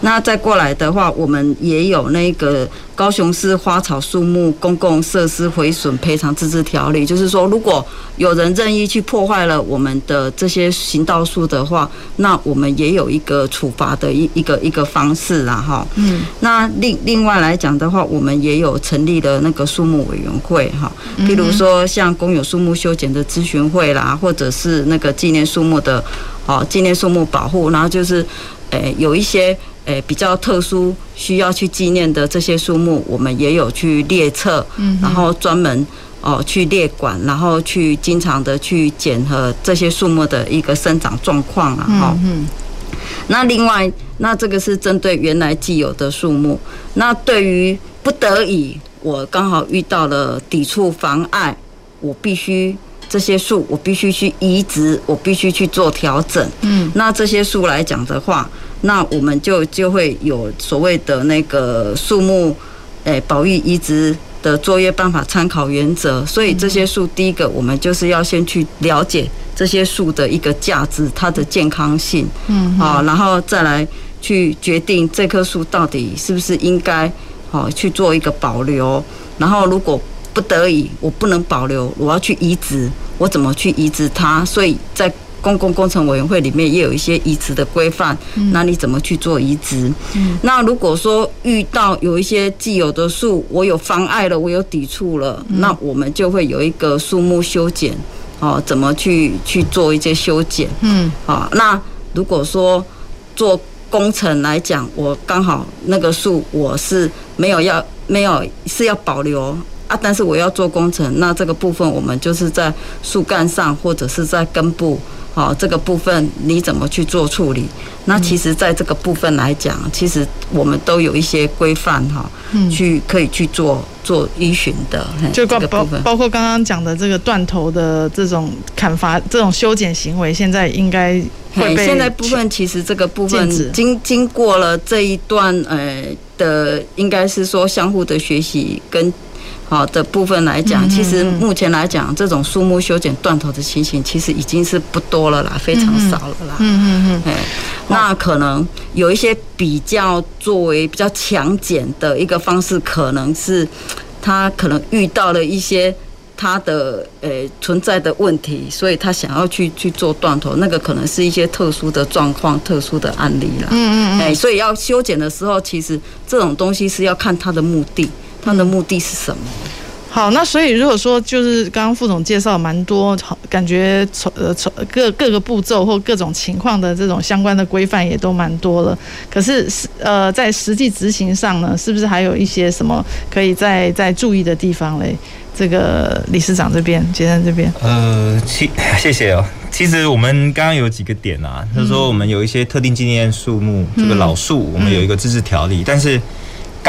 Speaker 5: 那再過來的話，我們也有那個高雄市花草樹木公共設施毀損賠償自治條例，就是說，如果有人任意去破壞了我們的這些行道樹的話，那我們也有一個處罰的一一個一個方式啦，然後，嗯，那另另外來講的話，我們也有成立的那個樹木委員會，哈，比如說像公有樹木修剪的諮詢會啦，或者是那個紀念樹木的，哦，紀念樹木保護，然後就是，誒、欸，有一些。誒，比較特殊需要去紀念的這些樹木，我們也有去列冊，嗯，然後專門哦去列管，然後去經常的去檢核這些樹木的一個生長狀況啊，哈，嗯。那另外，那這個是針對原來既有的樹木。那對於不得已，我剛好遇到了抵觸妨礙，我必須這些樹，我必須去移植，我必須去做調整。嗯，那這些樹來講的話。那我們就就會有所謂的那個樹木，誒，保育移植的作業辦法參考原則。所以這些樹，第一個我們就是要先去了解這些樹的一個價值，它的健康性，
Speaker 4: 嗯，好，然
Speaker 5: 後再來去決定這棵樹到底是不是應該好去做一個保留。然後如果不得已我不能保留，我要去移植，我怎麼去移植它？所以在。公共工，工程委員會裡面也有一些移植的規範，嗯、那你怎麼去做移植？嗯、那如果說遇到有一些既有的樹，我有妨礙了，我有抵觸了，嗯、那我們就會有一個樹木修剪，哦，怎麼去去做一些修剪？嗯，啊、哦，那如果說做工程來講，我剛好那個樹我是沒有要沒有是要保留啊，但是我要做工程，那這個部分我們就是在樹幹上或者是在根部。好、哦，這個部分你怎麼去做處理？那其實，在這個部分來講，嗯、其實我們都有一些規範哈、哦，嗯、去可以去做做依循的。就包包
Speaker 1: 包括剛剛講的這個斷頭的這種砍伐，這種修剪行為，現在應該會被。現在部
Speaker 5: 分其實這個
Speaker 1: 部分經止經過
Speaker 5: 了這一段，呃的，應該是說相互的學習跟。好的部分來講，其實目前來講，這種樹木修剪斷頭的情形，其實已經是不多了啦，非常少了啦。嗯嗯嗯。哎、嗯嗯嗯欸，那可能有一些比較作為比較強剪的一個方式，可能是他可能遇到了一些他的誒、欸、存在的問題，所以他想要去去做斷頭，那個可能是一些特殊的狀況、特殊的案例啦。嗯嗯誒、嗯欸，所以要修剪的時候，其實這種東西是要看它的目的。他的目的是什麼？
Speaker 1: 好，那所以如果說就是剛剛副總介紹蠻多，感覺從呃從各各個步驟或各種情況的這種相關的規範也都蠻多了。可是呃在實際執行上呢，是不是還有一些什麼可以再再注意的地方嘞？這個理事長這邊，傑任這邊。
Speaker 2: 呃，其謝謝哦。其實我們剛剛有幾個點啊，嗯、就是說我們有一些特定紀念樹木，這個老樹，我們有一個自治條例，嗯嗯、但是。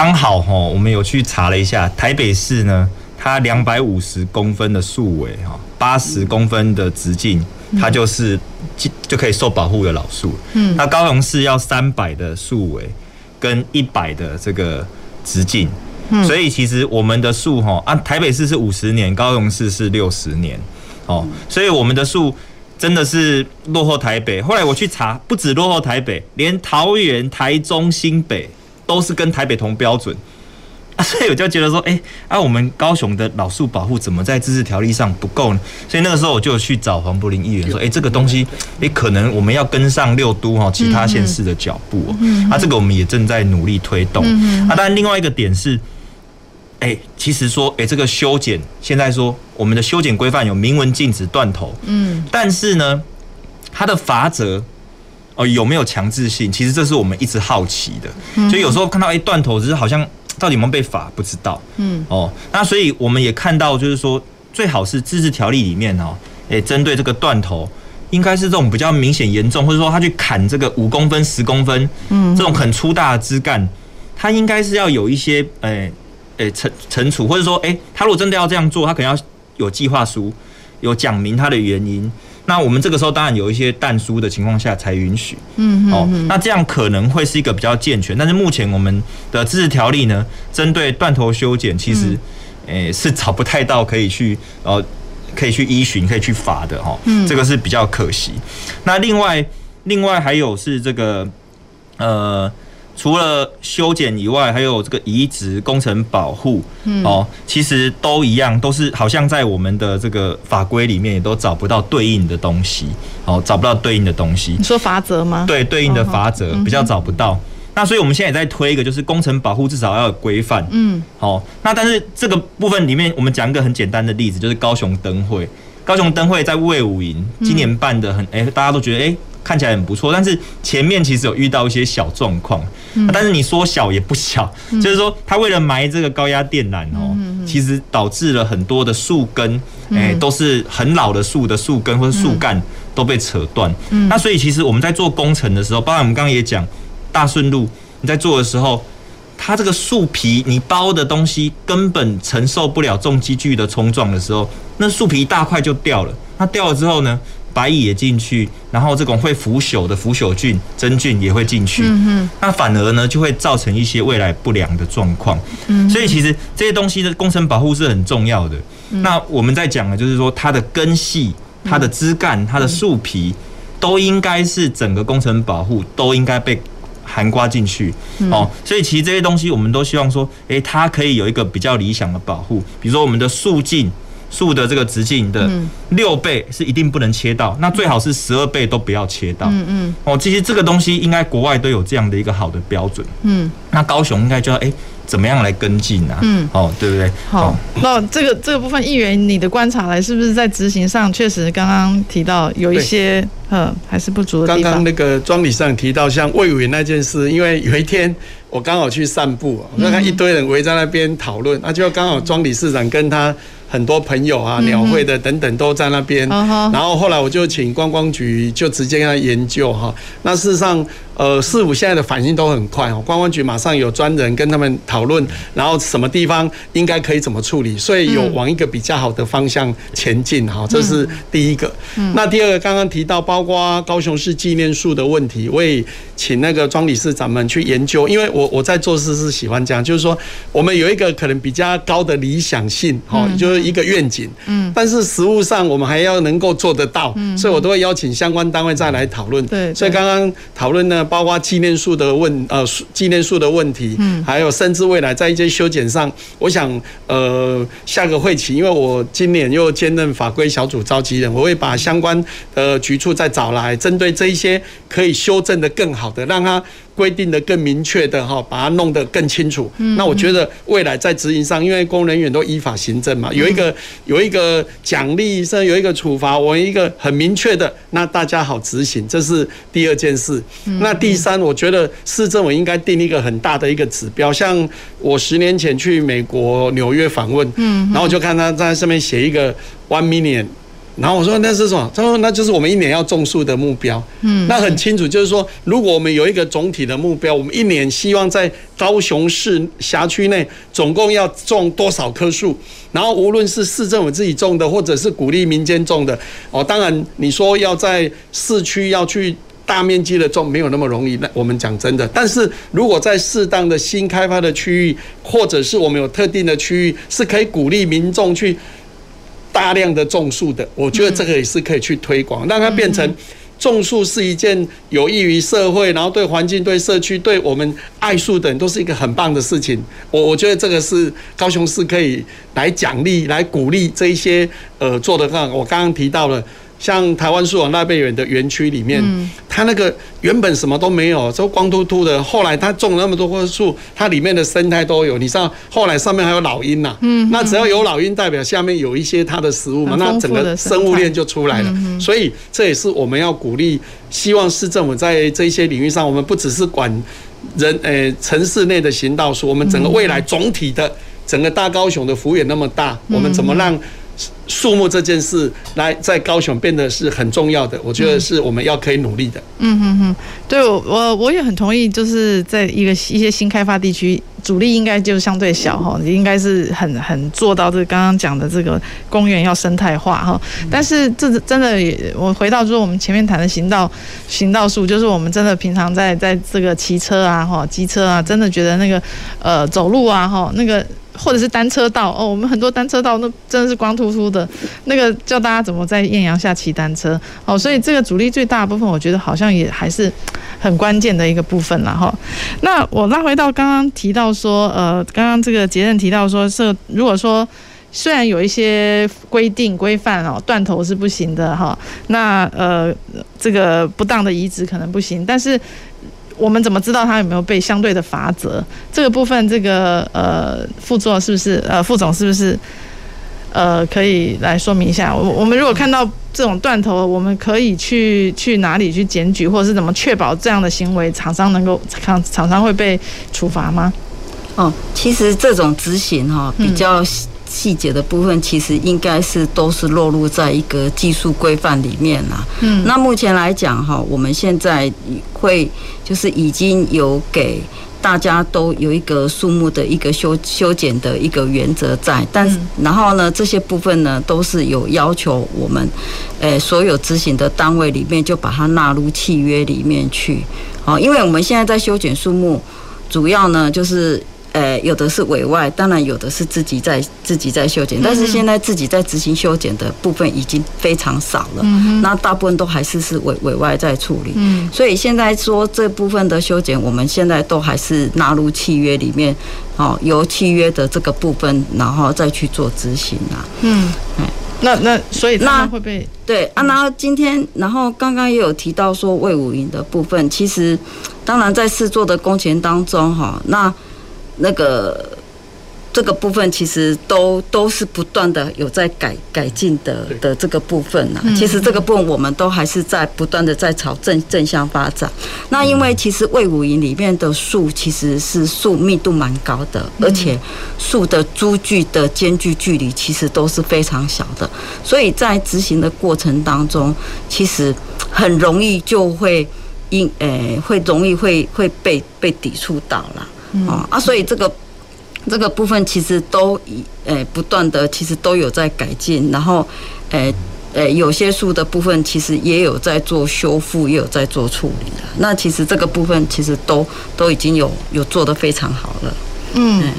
Speaker 2: 剛好哈，我們有去查了一下，台北市呢，它兩百五十公分的樹圍，哈，八十公分的直徑，它就是就就可以受保護的老樹。嗯，那高雄市要三百的樹圍，跟一百的這個直徑。嗯，所以其實我們的樹哈，按、啊、臺北市是五十年，高雄市是六十年。哦，所以我們的樹真的是落後台北。後來我去查，不止落後台北，連桃園、台中、新北。都是跟台北同標準啊，所以我就覺得說，誒、欸，啊，我們高雄的老樹保護怎麼在自治條例上不夠呢？所以那個時候我就去找黃柏霖議員說，誒、欸，這個東西，哎、欸，可能我們要跟上六都哈其他縣市的腳步啊，嗯、哼啊這個我們也正在努力推動、嗯、哼啊。但另外一個點是，誒、欸，其實說，誒、欸，這個修剪現在說我們的修剪規範有明文禁止斷頭，嗯，但是呢，它的罰則。哦，有沒有強制性？其實這是我們一直好奇的，嗯、哼所以有時候看到哎斷、欸、頭，只是好像到底有沒有被罰，不知道。哦、嗯，哦，那所以我們也看到，就是說，最好是自治條例裡面哦，哎、欸，針對這個斷頭，應該是這種比較明顯嚴重，或者說他去砍這個五公分、十公分，嗯、哼這種很粗大的枝幹，他應該是要有一些，哎、欸，哎懲懲處，或者說，哎、欸，他如果真的要這樣做，他可能要有計劃書，有講明他的原因。那我們這個時候當然有一些但書的情況下才允許，嗯
Speaker 4: 哼哼，
Speaker 2: 哦，那這樣可能會是一個比較健全，但是目前我們的自治條例呢，針對斷頭修剪其實，誒、嗯欸、是找不太到可以去呃可以去依循可以去罰的哈，哦、嗯，這個是比較可惜。那另外另外還有是這個呃。除了修剪以外，還有這個移植、工程保護，嗯，哦，其實都一樣，都是好像在我們的這個法規裡面也都找不到對應的東西，哦，找不到對應的東西。你
Speaker 1: 說罰則嗎？對，對應的罰
Speaker 2: 則比較找不到。好好嗯、那所以我們現在也在推一個，就是工程保護至少要有規範，嗯，好、哦。那但是這個部分裡面，我們講一個很簡單的例子，就是高雄燈會。高雄燈會在衛武營今年辦的很，誒、嗯欸，大家都覺得誒。欸看起來很不錯，但是前面其實有遇到一些小狀況、嗯啊，但是你說小也不小，嗯、就是說他為了埋這個高壓電纜哦，嗯嗯、其實導致了很多的樹根，誒、嗯欸，都是很老的樹的樹根或者樹幹都被扯斷。嗯嗯、那所以其實我們在做工程的時候，包括我們剛剛也講大順路，你在做的時候，它這個樹皮你包的東西根本承受不了重機具的衝撞的時候，那樹皮一大塊就掉了。那掉了之後呢？白蟻也進去，然後這種會腐朽的腐朽菌，真菌也會進去。嗯哼那反而呢，就會造成一些未來不良的狀況。嗯哼。所以其實這些東西的工程保護是很重要的。嗯、那我們在講的就是說它的根系，它的枝幹，它的樹皮，嗯、都應該是整個工程保護都應該被涵蓋進去。嗯、哦。所以其實這些東西我們都希望說，誒，它可以有一個比較理想的保護。比如說我們的樹徑。樹的這個直徑的六倍是一定不能切到，嗯、那最好是十二倍都不要切到。嗯嗯，哦、嗯，其實這個東西應該國外都有這樣的一個好的標準。嗯，那高雄應該就要哎，怎麼樣來跟進呢、啊？嗯，哦，對不對？好，
Speaker 1: 哦、那這個這個部分，議員你的觀察來，是不是在執行上確實剛剛提到有一些呃對還是不足的地方？剛剛
Speaker 3: 那個莊理事長提到，像衛武營那件事，因為有一天我剛好去散步，我他一堆人圍在那邊討論，那、嗯啊、就剛好莊理事長跟他。很多朋友啊，鳥會的等等都在那邊。然後後來我就請觀光局就直接跟他研究哈。那事實上。呃，市府現在的反應都很快哦，觀光局馬上有專人跟他們討論，然後什麼地方應該可以怎麼處理，所以有往一個比較好的方向前進哈，嗯、這是第一個。嗯嗯、那第二個，剛剛提到包括高雄市紀念樹的問題，我也請那個莊理事長們去研究，因為我我在做事是喜歡這樣，就是說我們有一個可能比較高的理想性哈、嗯哦，就是一個願景，嗯，但是實務上我們還要能夠做得到，嗯，嗯所以我都會邀請相關單位再來討論，嗯、對，對所以剛剛討論呢。包括紀念樹的問，呃，紀念樹的問題，還有甚至未來在一些修剪上，我想，呃，下個會期，因為我今年又兼任法規小組召集人，我會把相關的局處再找來，針對這一些可以修正的更好的，讓它。規定的更明確的哈，把它弄得更清楚。那我覺得未來在執行上，因為公務人員都依法行政嘛，有一個有一個獎勵，甚至有一個處罰，我一個很明確的，那大家好執行，這是第二件事。那第三，我覺得市政府應該定一個很大的一個指標，像我十年前去美國紐約訪問，然後就看他在上面寫一個 one million 然後我說那是什麼？他說那就是我們一年要種樹的目標。嗯，那很清楚，就是說，如果我們有一個總體的目標，我們一年希望在高雄市轄區內總共要種多少棵樹？然後無論是市政府自己種的，或者是鼓勵民間種的哦。當然，你說要在市區要去大面積的種，沒有那麼容易。那我們講真的，但是如果在適當的新開發的區域，或者是我們有特定的區域，是可以鼓勵民眾去。大量的種樹的，我覺得這個也是可以去推廣，讓它變成種樹是一件有益於社會，然後對環境、對社區、對我們愛樹的人都是一個很棒的事情。我我覺得這個是高雄市可以來獎勵、來鼓勵這一些呃做的。那，我剛剛提到了。像台灣樹王那邊遠的園區裡面，嗯、它那個原本什麼都沒有，就光禿禿的。後來它種了那麼多棵樹，它裡面的生態都有。你知道後來上面還有老鷹吶、啊，嗯嗯，那只要有老鷹，代表下面有一些它的食物嘛，那整個生物鏈就出來了。嗯嗯，所以這也是我們要鼓勵，希望市政府在這些領域上，我們不只是管人，誒、呃，城市內的行道樹，我們整個未來總體的嗯嗯，整個大高雄的幅員那麼大，我們怎麼讓？樹木這件事，來在高雄變得是很重要的，我覺得是我們要可以努力的。嗯
Speaker 1: 哼哼、嗯嗯，對我我也很同意，就是在一個一些新開發地區，阻力應該就相對小哈，應該是很很做到這剛剛講的這個公園要生態化哈。但是這真的也，我回到說我們前面談的行道行道樹，就是我們真的平常在在這個騎車啊哈、機車啊，真的覺得那個呃走路啊哈那個。或者是單車道哦，我們很多單車道那真的是光禿禿的，那個教大家怎麼在艷陽下騎單車哦，所以這個阻力最大部分，我覺得好像也還是很關鍵的一個部分了哈、哦。那我拉回到剛剛提到說，呃，剛剛這個杰任提到說，是如果說雖然有一些規定規範哦，斷頭是不行的哈、哦，那呃這個不當的移植可能不行，但是。我們怎麼知道他有沒有被相對的罰則？這個部分，這個呃，副座是不是呃副總是不是呃可以來說明一下？我我們如果看到這種斷頭，我們可以去去哪裡去檢舉，或者是怎麼確保這樣的行為，廠商能夠廠廠商會被處罰嗎？哦，
Speaker 5: 其實這種執行哈、哦、比較。嗯細節的部分，其實應該是都是落入在一個技術規範裡面啦。嗯，那目前來講哈，我們現在會就是已經有給大家都有一個樹木的一個修修剪的一個原則在，但是然後呢，這些部分呢都是有要求我們，呃，所有執行的單位裡面就把它納入契約裡面去。好，因為我們現在在修剪樹木，主要呢就是。呃、欸，有的是委外，當然有的是自己在自己在修剪，但是現在自己在執行修剪的部分已經非常少了，嗯、哼那大部分都還是是委委外在處理。嗯，所以現在說這部分的修剪，我們現在都還是納入契約裡面，哦，由契約的這個部分然後再去做執行啊。嗯，嗯那那所以那會被那對啊，嗯、然後今天然後剛剛也有提到說衛武營的部分，其實當然在試做的工錢當中哈、哦，那。那個這個部分其實都都是不斷的有在改改進的的這個部分呢，嗯、其實這個部分我們都還是在不斷的在朝正正向發展。那因為其實衛武營裡面的樹其實是樹密度蠻高的，而且樹的株距的間距距離其實都是非常小的，所以在執行的過程當中，其實很容易就會因誒、呃、會容易會會被被抵觸到啦。嗯、啊，所以這個這個部分其實都一誒、欸、不斷的，其實都有在改進，然後誒誒、欸欸、有些樹的部分其實也有在做修復，也有在做處理的。那其實這個部分其實都都已經有有做得非常好
Speaker 1: 了。嗯，嗯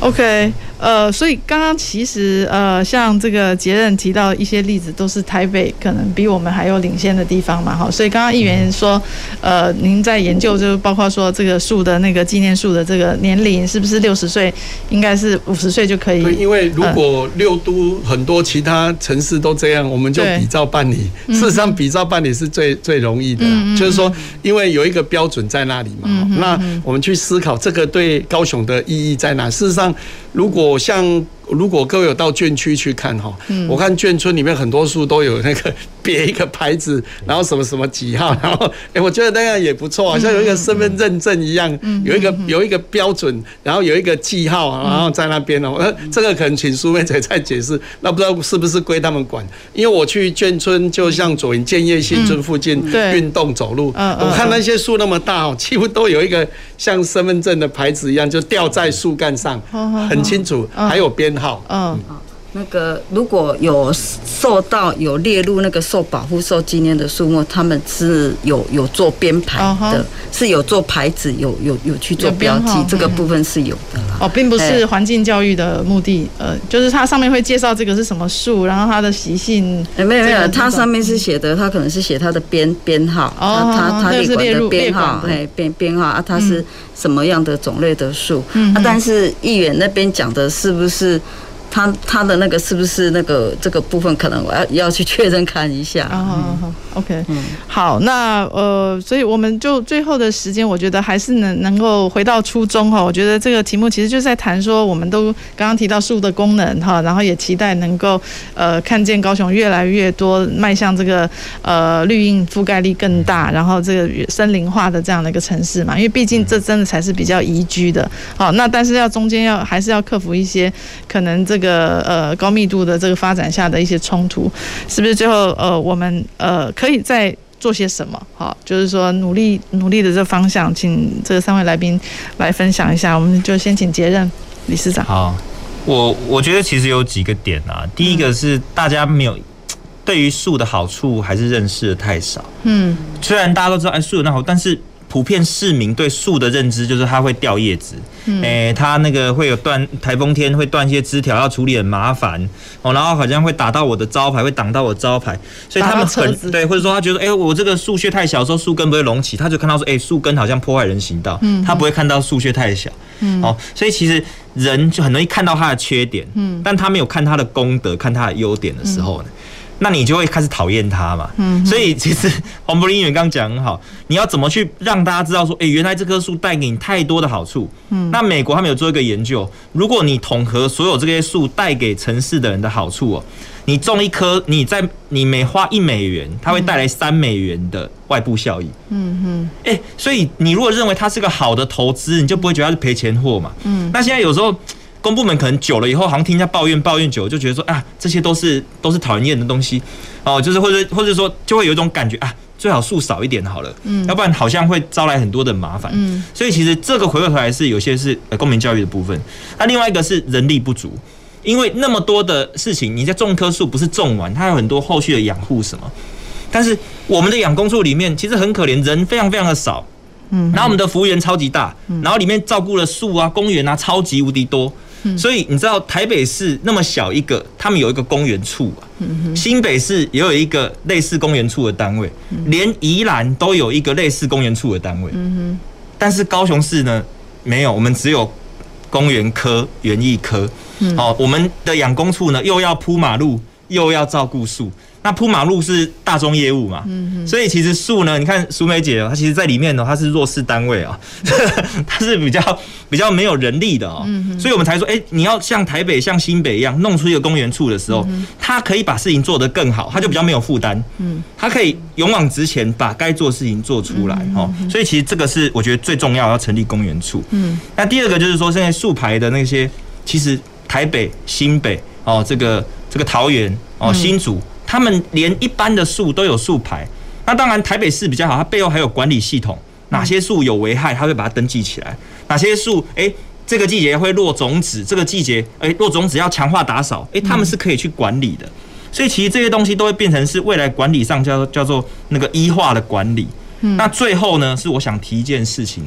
Speaker 1: ，OK。呃，所以剛剛其實呃，像這個杰任提到一些例子，都是台北可能比我們還要領先的地方嘛，哈。所以剛剛議員說，呃，您在研究，就包括說這個樹的那個紀念樹的這個年齡是不是六十歲，應該是五十歲就可以，呃。對，因為如果
Speaker 3: 六都很多其他城市都這樣，我們就比照辦理。事實上，比照辦理是最最容易的，就是說，因為有一個標準在那裡嘛。那我們去思考這個對高雄的意義在哪？事實上，如果我像。如果各位有到眷區去看哈，我看眷村裡面很多樹都有那個別一個牌子，然後什麼什麼幾號，然後哎，我覺得那樣也不錯，像有一個身份認證一樣，有一個有一個標準，然後有一個記號，然後在那邊哦。這個可能請淑美姐再解釋，那不知道是不是歸他們管？因為我去眷村，就像左營建業新村附近運動走路，我看那些樹那麼大哦，幾乎都有一個像身份證的牌子一樣，就吊在樹幹上，很清楚，還有邊。好，
Speaker 5: 嗯、oh. 那個如果有受到有列入那個受保護、受紀念的樹木，他們是有有做編排的，是有做牌子，有有有去做標記，這個部分是有
Speaker 1: 的啦。哦，並不是環境教育的目的，呃，就是它上面會介紹這個是什麼樹，然後它的習性。哎，沒有沒有，它上面是寫的，它可能
Speaker 5: 是寫它的編編號，它它列管的編號，哎，編編號啊，它是什麼樣的種類的樹？嗯，啊，但是議員那邊講的是不是？他
Speaker 1: 他的那個是不是那個這個部分可能我要要去確認看一下啊、哦、OK 嗯好，那呃所以我們就最後的時間我覺得還是能能夠回到初衷哈、哦、我覺得這個題目其實就在談說我們都剛剛提到樹的功能哈、哦、然後也期待能夠呃看見高雄越來越多邁向這個呃綠蔭覆蓋率更大然後這個森林化的這樣的一個城市嘛，因為畢竟這真的才是比較宜居的、嗯、哦，那但是要中間要還是要克服一些可能這個。這個呃高密度的這個發展下的一些衝突，是不是最後呃我們呃可以再做些什麼？好，就是說努力努力的這方向，請這個三位來賓來分享一下。我們就先請傑任理事長。好，
Speaker 2: 我我覺得其實有幾個點啊，第一個是大家沒有對於樹的好處還是認識的太少。嗯，雖然大家都知道哎樹有那好，但是。普遍市民對樹的認知就是它會掉葉子，哎、嗯，它、欸、那個會有斷，颱風天會斷一些枝條，要處理很麻煩哦、喔，然後好像會打到我的招牌，會擋到我招牌，所以他們很對，或者說他覺得，哎、欸，我這個樹穴太小，的時候樹根不會隆起，他就看到說，哎、欸，樹根好像破壞人行道。嗯哼，他不會看到樹穴太小，嗯，哦、喔，所以其實人就很容易看到它的缺點，嗯，但他沒有看它的功德，看它的優點的時候呢。嗯那你就會開始討厭它嘛。嗯哼，所以其實黃柏霖議員剛講很好，你要怎麼去讓大家知道說，誒、欸，原來這棵樹帶給你太多的好處。嗯，那美國他們有做一個研究，如果你統合所有這些樹帶給城市的人的好處哦、喔，你種一棵，你在你每花一美元，它會帶來三美元的外部效益。
Speaker 4: 嗯
Speaker 2: 哼，哎、欸，所以你如果認為它是個好的投資，你就不會覺得它是賠錢貨嘛。嗯，那現在有時候。公部門可能久了以後，好像聽人家抱怨抱怨久了，就覺得說啊，這些都是都是討人厭的東西哦，就是或者或者說，就會有一種感覺啊，最好樹少一點好了，嗯，要不然好像會招來很多的麻煩，嗯，所以其實這個回過頭來是有些是公民教育的部分，那另外一個是人力不足，因為那麼多的事情，你在種棵樹不是種完，它有很多後續的養護什麼，但是我們的養工處裡面其實很可憐，人非常非常的少，嗯，
Speaker 4: 然後我們的
Speaker 2: 服務員超級大，然後裡面照顧的樹啊公園啊超級無敵多。所以你知道台北市那麼小一個，他們有一個公園處啊，新北市也有一個類似公園處的單位，連宜蘭都有一個類似公園處的單位，但是高雄市呢沒有，我們只有公園科、園藝科，我們的養工處呢又要鋪馬路，又要照顧樹。它鋪馬路是大宗業務嘛？嗯、哼所以其實樹呢，你看淑美姐，她其實在裡面呢、哦，她是弱勢單位啊、哦，她、嗯、哼 是比較比較沒有人力的啊、哦。嗯、哼所以我們才說，哎、欸，你要像台北、像新北一樣弄出一個公園處的時候，它、嗯、哼可以把事情做得更好，它就比較沒有負擔。她它、嗯、可以勇往直前，把該做的事情做出來哦。嗯、哼所以其實這個是我覺得最重要，要成立公園處。嗯哼。那第二個就是說，現在樹牌的那些，其實台北、新北哦，這個這個桃園哦，嗯、哼新竹。他們連一般的樹都有樹牌，那當然台北市比較好，它背後還有管理系統，哪些樹有危害，它會把它登記起來；哪些樹，誒、欸，這個季節會落種子，這個季節，誒、欸，落種子要強化打掃，誒、欸，他們是可以去管理的。所以其實這些東西都會變成是未來管理上叫叫做那個醫化的管理。嗯、那最後呢，是我想提一件事情，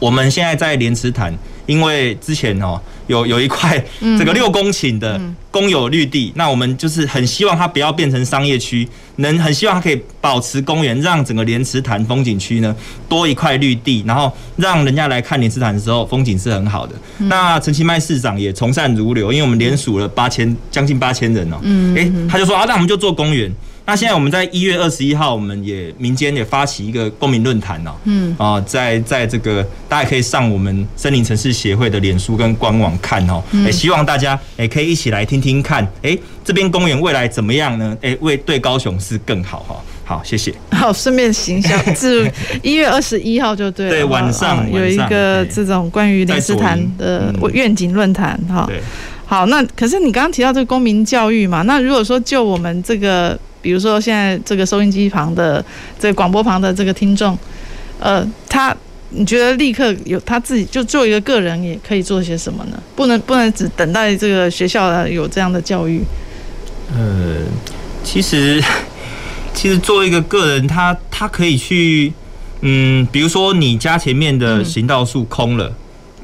Speaker 2: 我們現在在蓮池潭。因為之前哦，有有一塊這個六公頃的公有綠地，嗯、哼那我們就是很希望它不要變成商業區，能很希望它可以保持公園，讓整個蓮池潭風景區呢多一塊綠地，然後讓人家來看蓮池潭的時候風景是很好的。嗯、哼那陳其邁市長也從善如流，因為我們連署了八千將近八千人哦，哎、嗯哼欸，他就說啊，那我們就做公園。那現在我們在一月二十一號，我們也民間也發起一個公民論壇哦、嗯、哦，嗯，啊，在在這個大家可以上我們森林城市協會的臉書跟官網看哦，也、嗯欸、希望大家也、欸、可以一起來聽聽看，哎、欸，這邊公園未來怎麼樣呢？哎、欸，為對高雄是更好哈、哦。好，謝謝。
Speaker 1: 好，順便形象。自一月二十一號就對了， 對，晚上、哦、有一個這種關於林斯坦的願景論壇哈。嗯、好，那可是你剛剛提到這個公民教育嘛？那如果說就我們這個。比如說，現在這個收音機旁的，這個廣播旁的這個聽眾，呃，他你覺得立刻有他自己就做一個個人也可以做些什麼呢？不能不能只等待這個學校、啊、有這樣的教育。呃，
Speaker 2: 其實其實作為一個個人他，他他可以去，嗯，比如說你家前面的行道樹空了，嗯、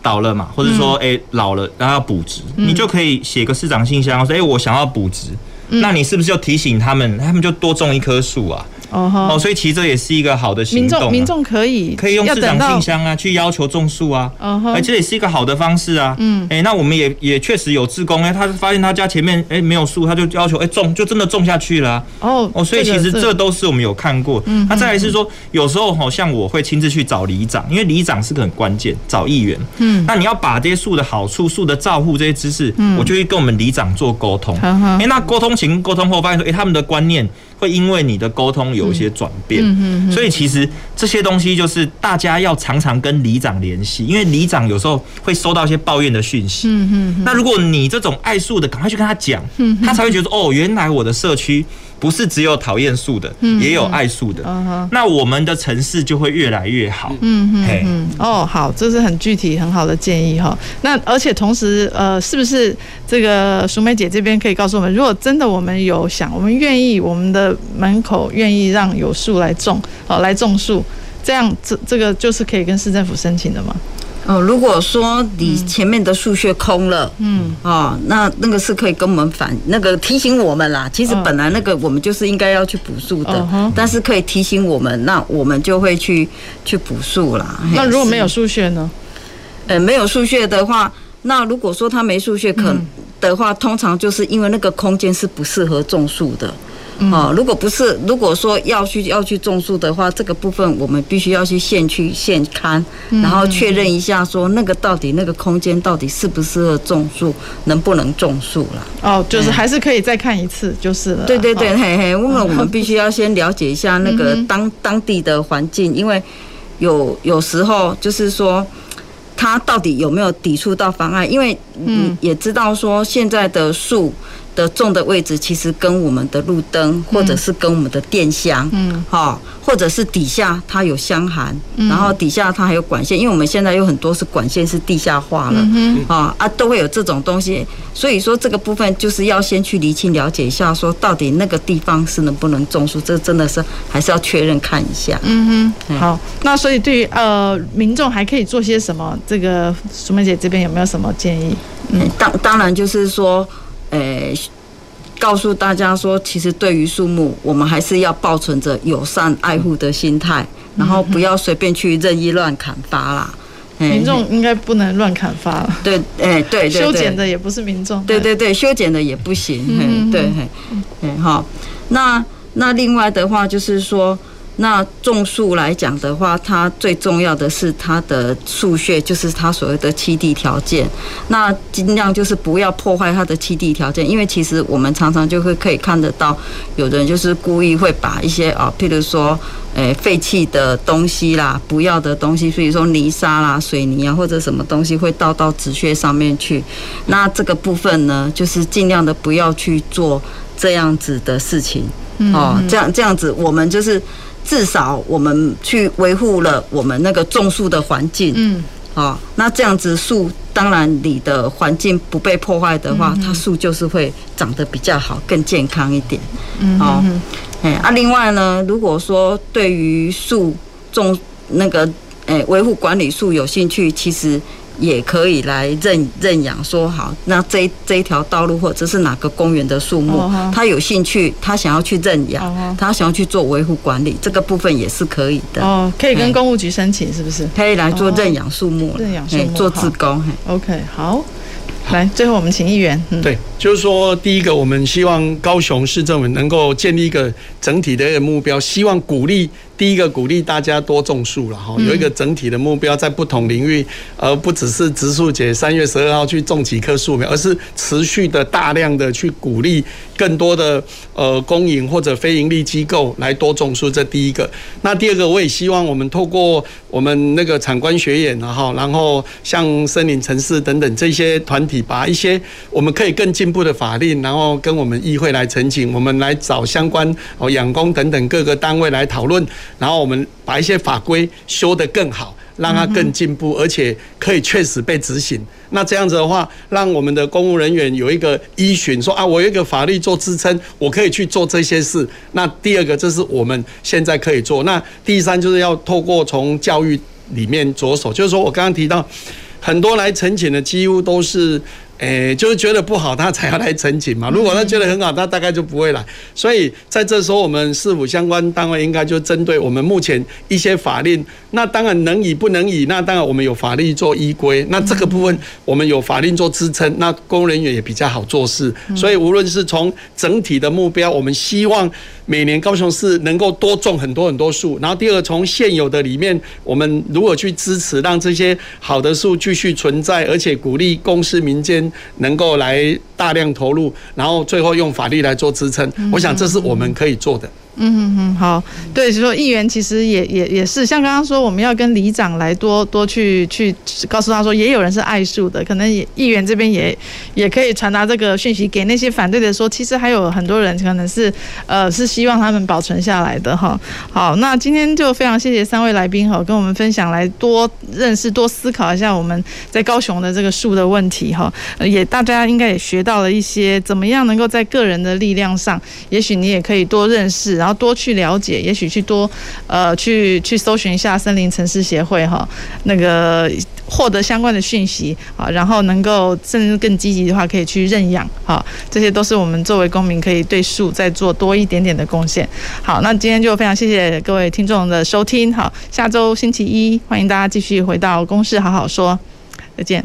Speaker 2: 倒了嘛，或者說誒、嗯、欸，老了，然後要補植，嗯，你就可以寫個市長信箱說，誒、欸，我想要補植。那你是不是就提醒他們，他們就多種一棵樹啊？哦，所以其實這也是一個好的行動。民眾，民
Speaker 1: 眾可以可以用市長信
Speaker 2: 箱啊，去要求種樹啊，哎，這也是一個好的方式啊。嗯，誒，那我們也也確實有志工，誒，他發現他家前面誒沒有樹，他就要求誒種，就真的種下去了。
Speaker 4: 哦，哦，所以其實這
Speaker 2: 都是我們有看過。嗯，那再來是說，有時候好像我會親自去找里長，因為里長是個很關鍵。找議員，嗯，那你要把這些樹的好處、樹的照護這些知識，嗯，我就會跟我們里長做溝通。誒，那溝通前溝通後發現說，誒，他們的觀念。會因為你的溝通有一些轉變，嗯，嗯、哼哼，所以其實這些東西就是大家要常常跟里長聯繫，因為里長有時候會收到一些抱怨的訊息。嗯、
Speaker 4: 哼哼，那如果
Speaker 2: 你這種愛樹的，趕快去跟他講，他才會覺得，哦，原來我的社區。不是只有討厭樹的，也有愛樹的。嗯嗯嗯、那我們的城市就會越來越好。嗯
Speaker 1: 哼，嗯嗯嘿哦，好，這是很具體很好的建議哈。那而且同時，呃，是不是這個淑美姐這邊可以告訴我們，如果真的我們有想，我們願意，我們的門口願意讓有樹來種，哦，來種樹，這樣這這個就是可以跟市政府申請的嗎？哦，如果說你前面的樹穴空
Speaker 4: 了，
Speaker 1: 嗯，哦，那那個是可以
Speaker 5: 跟我們反那個提醒我們啦。其實本來那個我們就是應該要去補樹的，哦嗯、但是可以提醒我們，那我們就會去去補樹啦。那如果沒有樹
Speaker 1: 穴
Speaker 5: 呢？呃，沒有樹穴的話，那如果說他沒樹穴可的話，嗯、通常就是因為那個空間是不適合種樹的。哦，如果不是，如果說要去要去種樹的話，這個部分我們必須要先去現去現勘，
Speaker 1: 然後確
Speaker 5: 認一下說那個到底那個空間到底適不適合種樹，能不能種樹了。哦，就是還是可以再看一次，就是了、嗯。對對對，哦、嘿嘿，因為我們必須要先了解一下那個當當地的環境，嗯、哼因為有有時候就是說，它到底有沒有抵觸到方案，因為嗯，你也知道說現在的樹。的種的位置其實跟我們的路燈，或者是跟我們的電箱嗯，嗯，哈，或者是底下它有箱涵，嗯、然後底下它還有管線，因為我們現在有很多是管線是地下化了，嗯啊哼啊，都會有這種東西，所以說這個部分就是要先去釐清了解一下，說到底那個地方是能不能種樹，這真的是還是要確認看一下。嗯哼，
Speaker 1: 嗯好，那所以對於呃民眾還可以做些什麼？這個淑美姐這邊有沒有什麼建議？嗯，當當然就是說。
Speaker 5: 誒、欸，告訴大家說，其實對於樹木，我們還是要抱存着友善愛護的心態，然後不要隨便去任意亂砍伐啦。嘿嘿，民眾
Speaker 1: 應該不能亂砍伐了。
Speaker 5: 對，誒、欸，對，對，對，修剪的也
Speaker 1: 不是民眾。對對
Speaker 5: 對，修剪的也不行。嗯哼，對，誒，好。那那另外的話就是說。那種樹來講的話，它最重要的是它的樹穴，就是它所謂的棲地條件。那儘量就是不要破壞它的棲地條件，因為其實我們常常就會可以看得到，有的人就是故意會把一些啊、哦，譬如說，誒、欸，廢棄的東西啦，不要的東西，所以說泥沙啦、水泥啊，或者什麼東西會倒到植穴上面去。那這個部分呢，就是儘量的不要去做這樣子的事情哦、嗯
Speaker 4: 這。這
Speaker 5: 樣這樣子，我們就是。至少我們去維護了我們那個種樹的環境，嗯，好、哦，那這樣子樹，當然你的環境不被破壞的話，嗯、哼它樹就是會長得比較好，更健康一點，嗯哼，好、哦，哎，啊，另外呢，如果說對於樹種那個，誒、哎，維護管理樹有興趣，其實。也可以來認認養，說好，那這一這一條道路或者是哪個公園的樹木，他、oh、有興趣，他想要去認養，他、oh、想要去做維護管理，oh、這個部分也是可以的。哦，oh, 可以跟工務局申請，是不是、嗯？可以來做認養樹木，oh, 啦
Speaker 1: 認養樹木做志工。OK，好，好來最後我們請議員。嗯、對，
Speaker 5: 就是說
Speaker 3: 第一個，我們希望高雄市政府能夠建立一個整體的一個目標，希望鼓勵。第一個鼓勵大家多種樹了哈，有一個整體的目標，在不同領域，而不只是植樹節三月十二號去種幾棵樹苗，而是持續的大量的去鼓勵更多的呃公營或者非營利機構來多種樹。這第一個。那第二個，我也希望我們透過我們那個產官學研，然後像森林城市等等這些團體，把一些我們可以更進步的法令，然後跟我們議會來陳情，我們來找相關哦養工等等各個單位來討論。然後我們把一些法規修得更好，讓它更進步，而且可以確實被執行。那這樣子的話，讓我們的公務人員有一個依循，說啊，我有一個法律做支撐，我可以去做這些事。那第二個這是我們現在可以做。那第三就是要透過從教育裡面着手，就是說我剛剛提到，很多來陳情的幾乎都是。哎，欸、就是覺得不好，他才要來陳情嘛。如果他覺得很好，他大概就不會來。所以在這時候，我們市府相關單位應該就針對我們目前一些法令，那當然能以不能以，那當然我們有法律做依歸，那這個部分我們有法律做支撐，那公務人員也比較好做事。所以無論是從整體的目標，我們希望。每年高雄市能夠多種很多很多樹，然後第二，從現有的裡面，我們如何去支持，讓這些好的樹繼續存在，而且鼓勵公司民間能夠來大量投入，然後最後用法律來做支撐，我想這是我們可以做的。
Speaker 1: 嗯嗯嗯，好，對，就說議員其實也也也是，像剛剛說，我們要跟里長來多多去去告訴他說，也有人是愛樹的，可能也議員這邊也也可以傳達這個訊息給那些反對的說，說其實還有很多人可能是呃是希望他們保存下來的哈。好，那今天就非常謝謝三位來賓哈，跟我們分享，來多認識多思考一下我們在高雄的這個樹的問題哈，也大家應該也學到了一些怎麼樣能夠在個人的力量上，也許你也可以多認識，然後。多去了解，也許去多，呃，去去搜尋一下森林城市協會哈、哦，那個獲得相關的訊息啊、哦，然後能夠甚至更積極的話，可以去認養哈、哦。這些都是我們作為公民可以對樹再做多一點點的貢獻。好，那今天就非常謝謝各位聽眾的收聽，好，下週星期一歡迎大家繼續回到公事好好說，再見。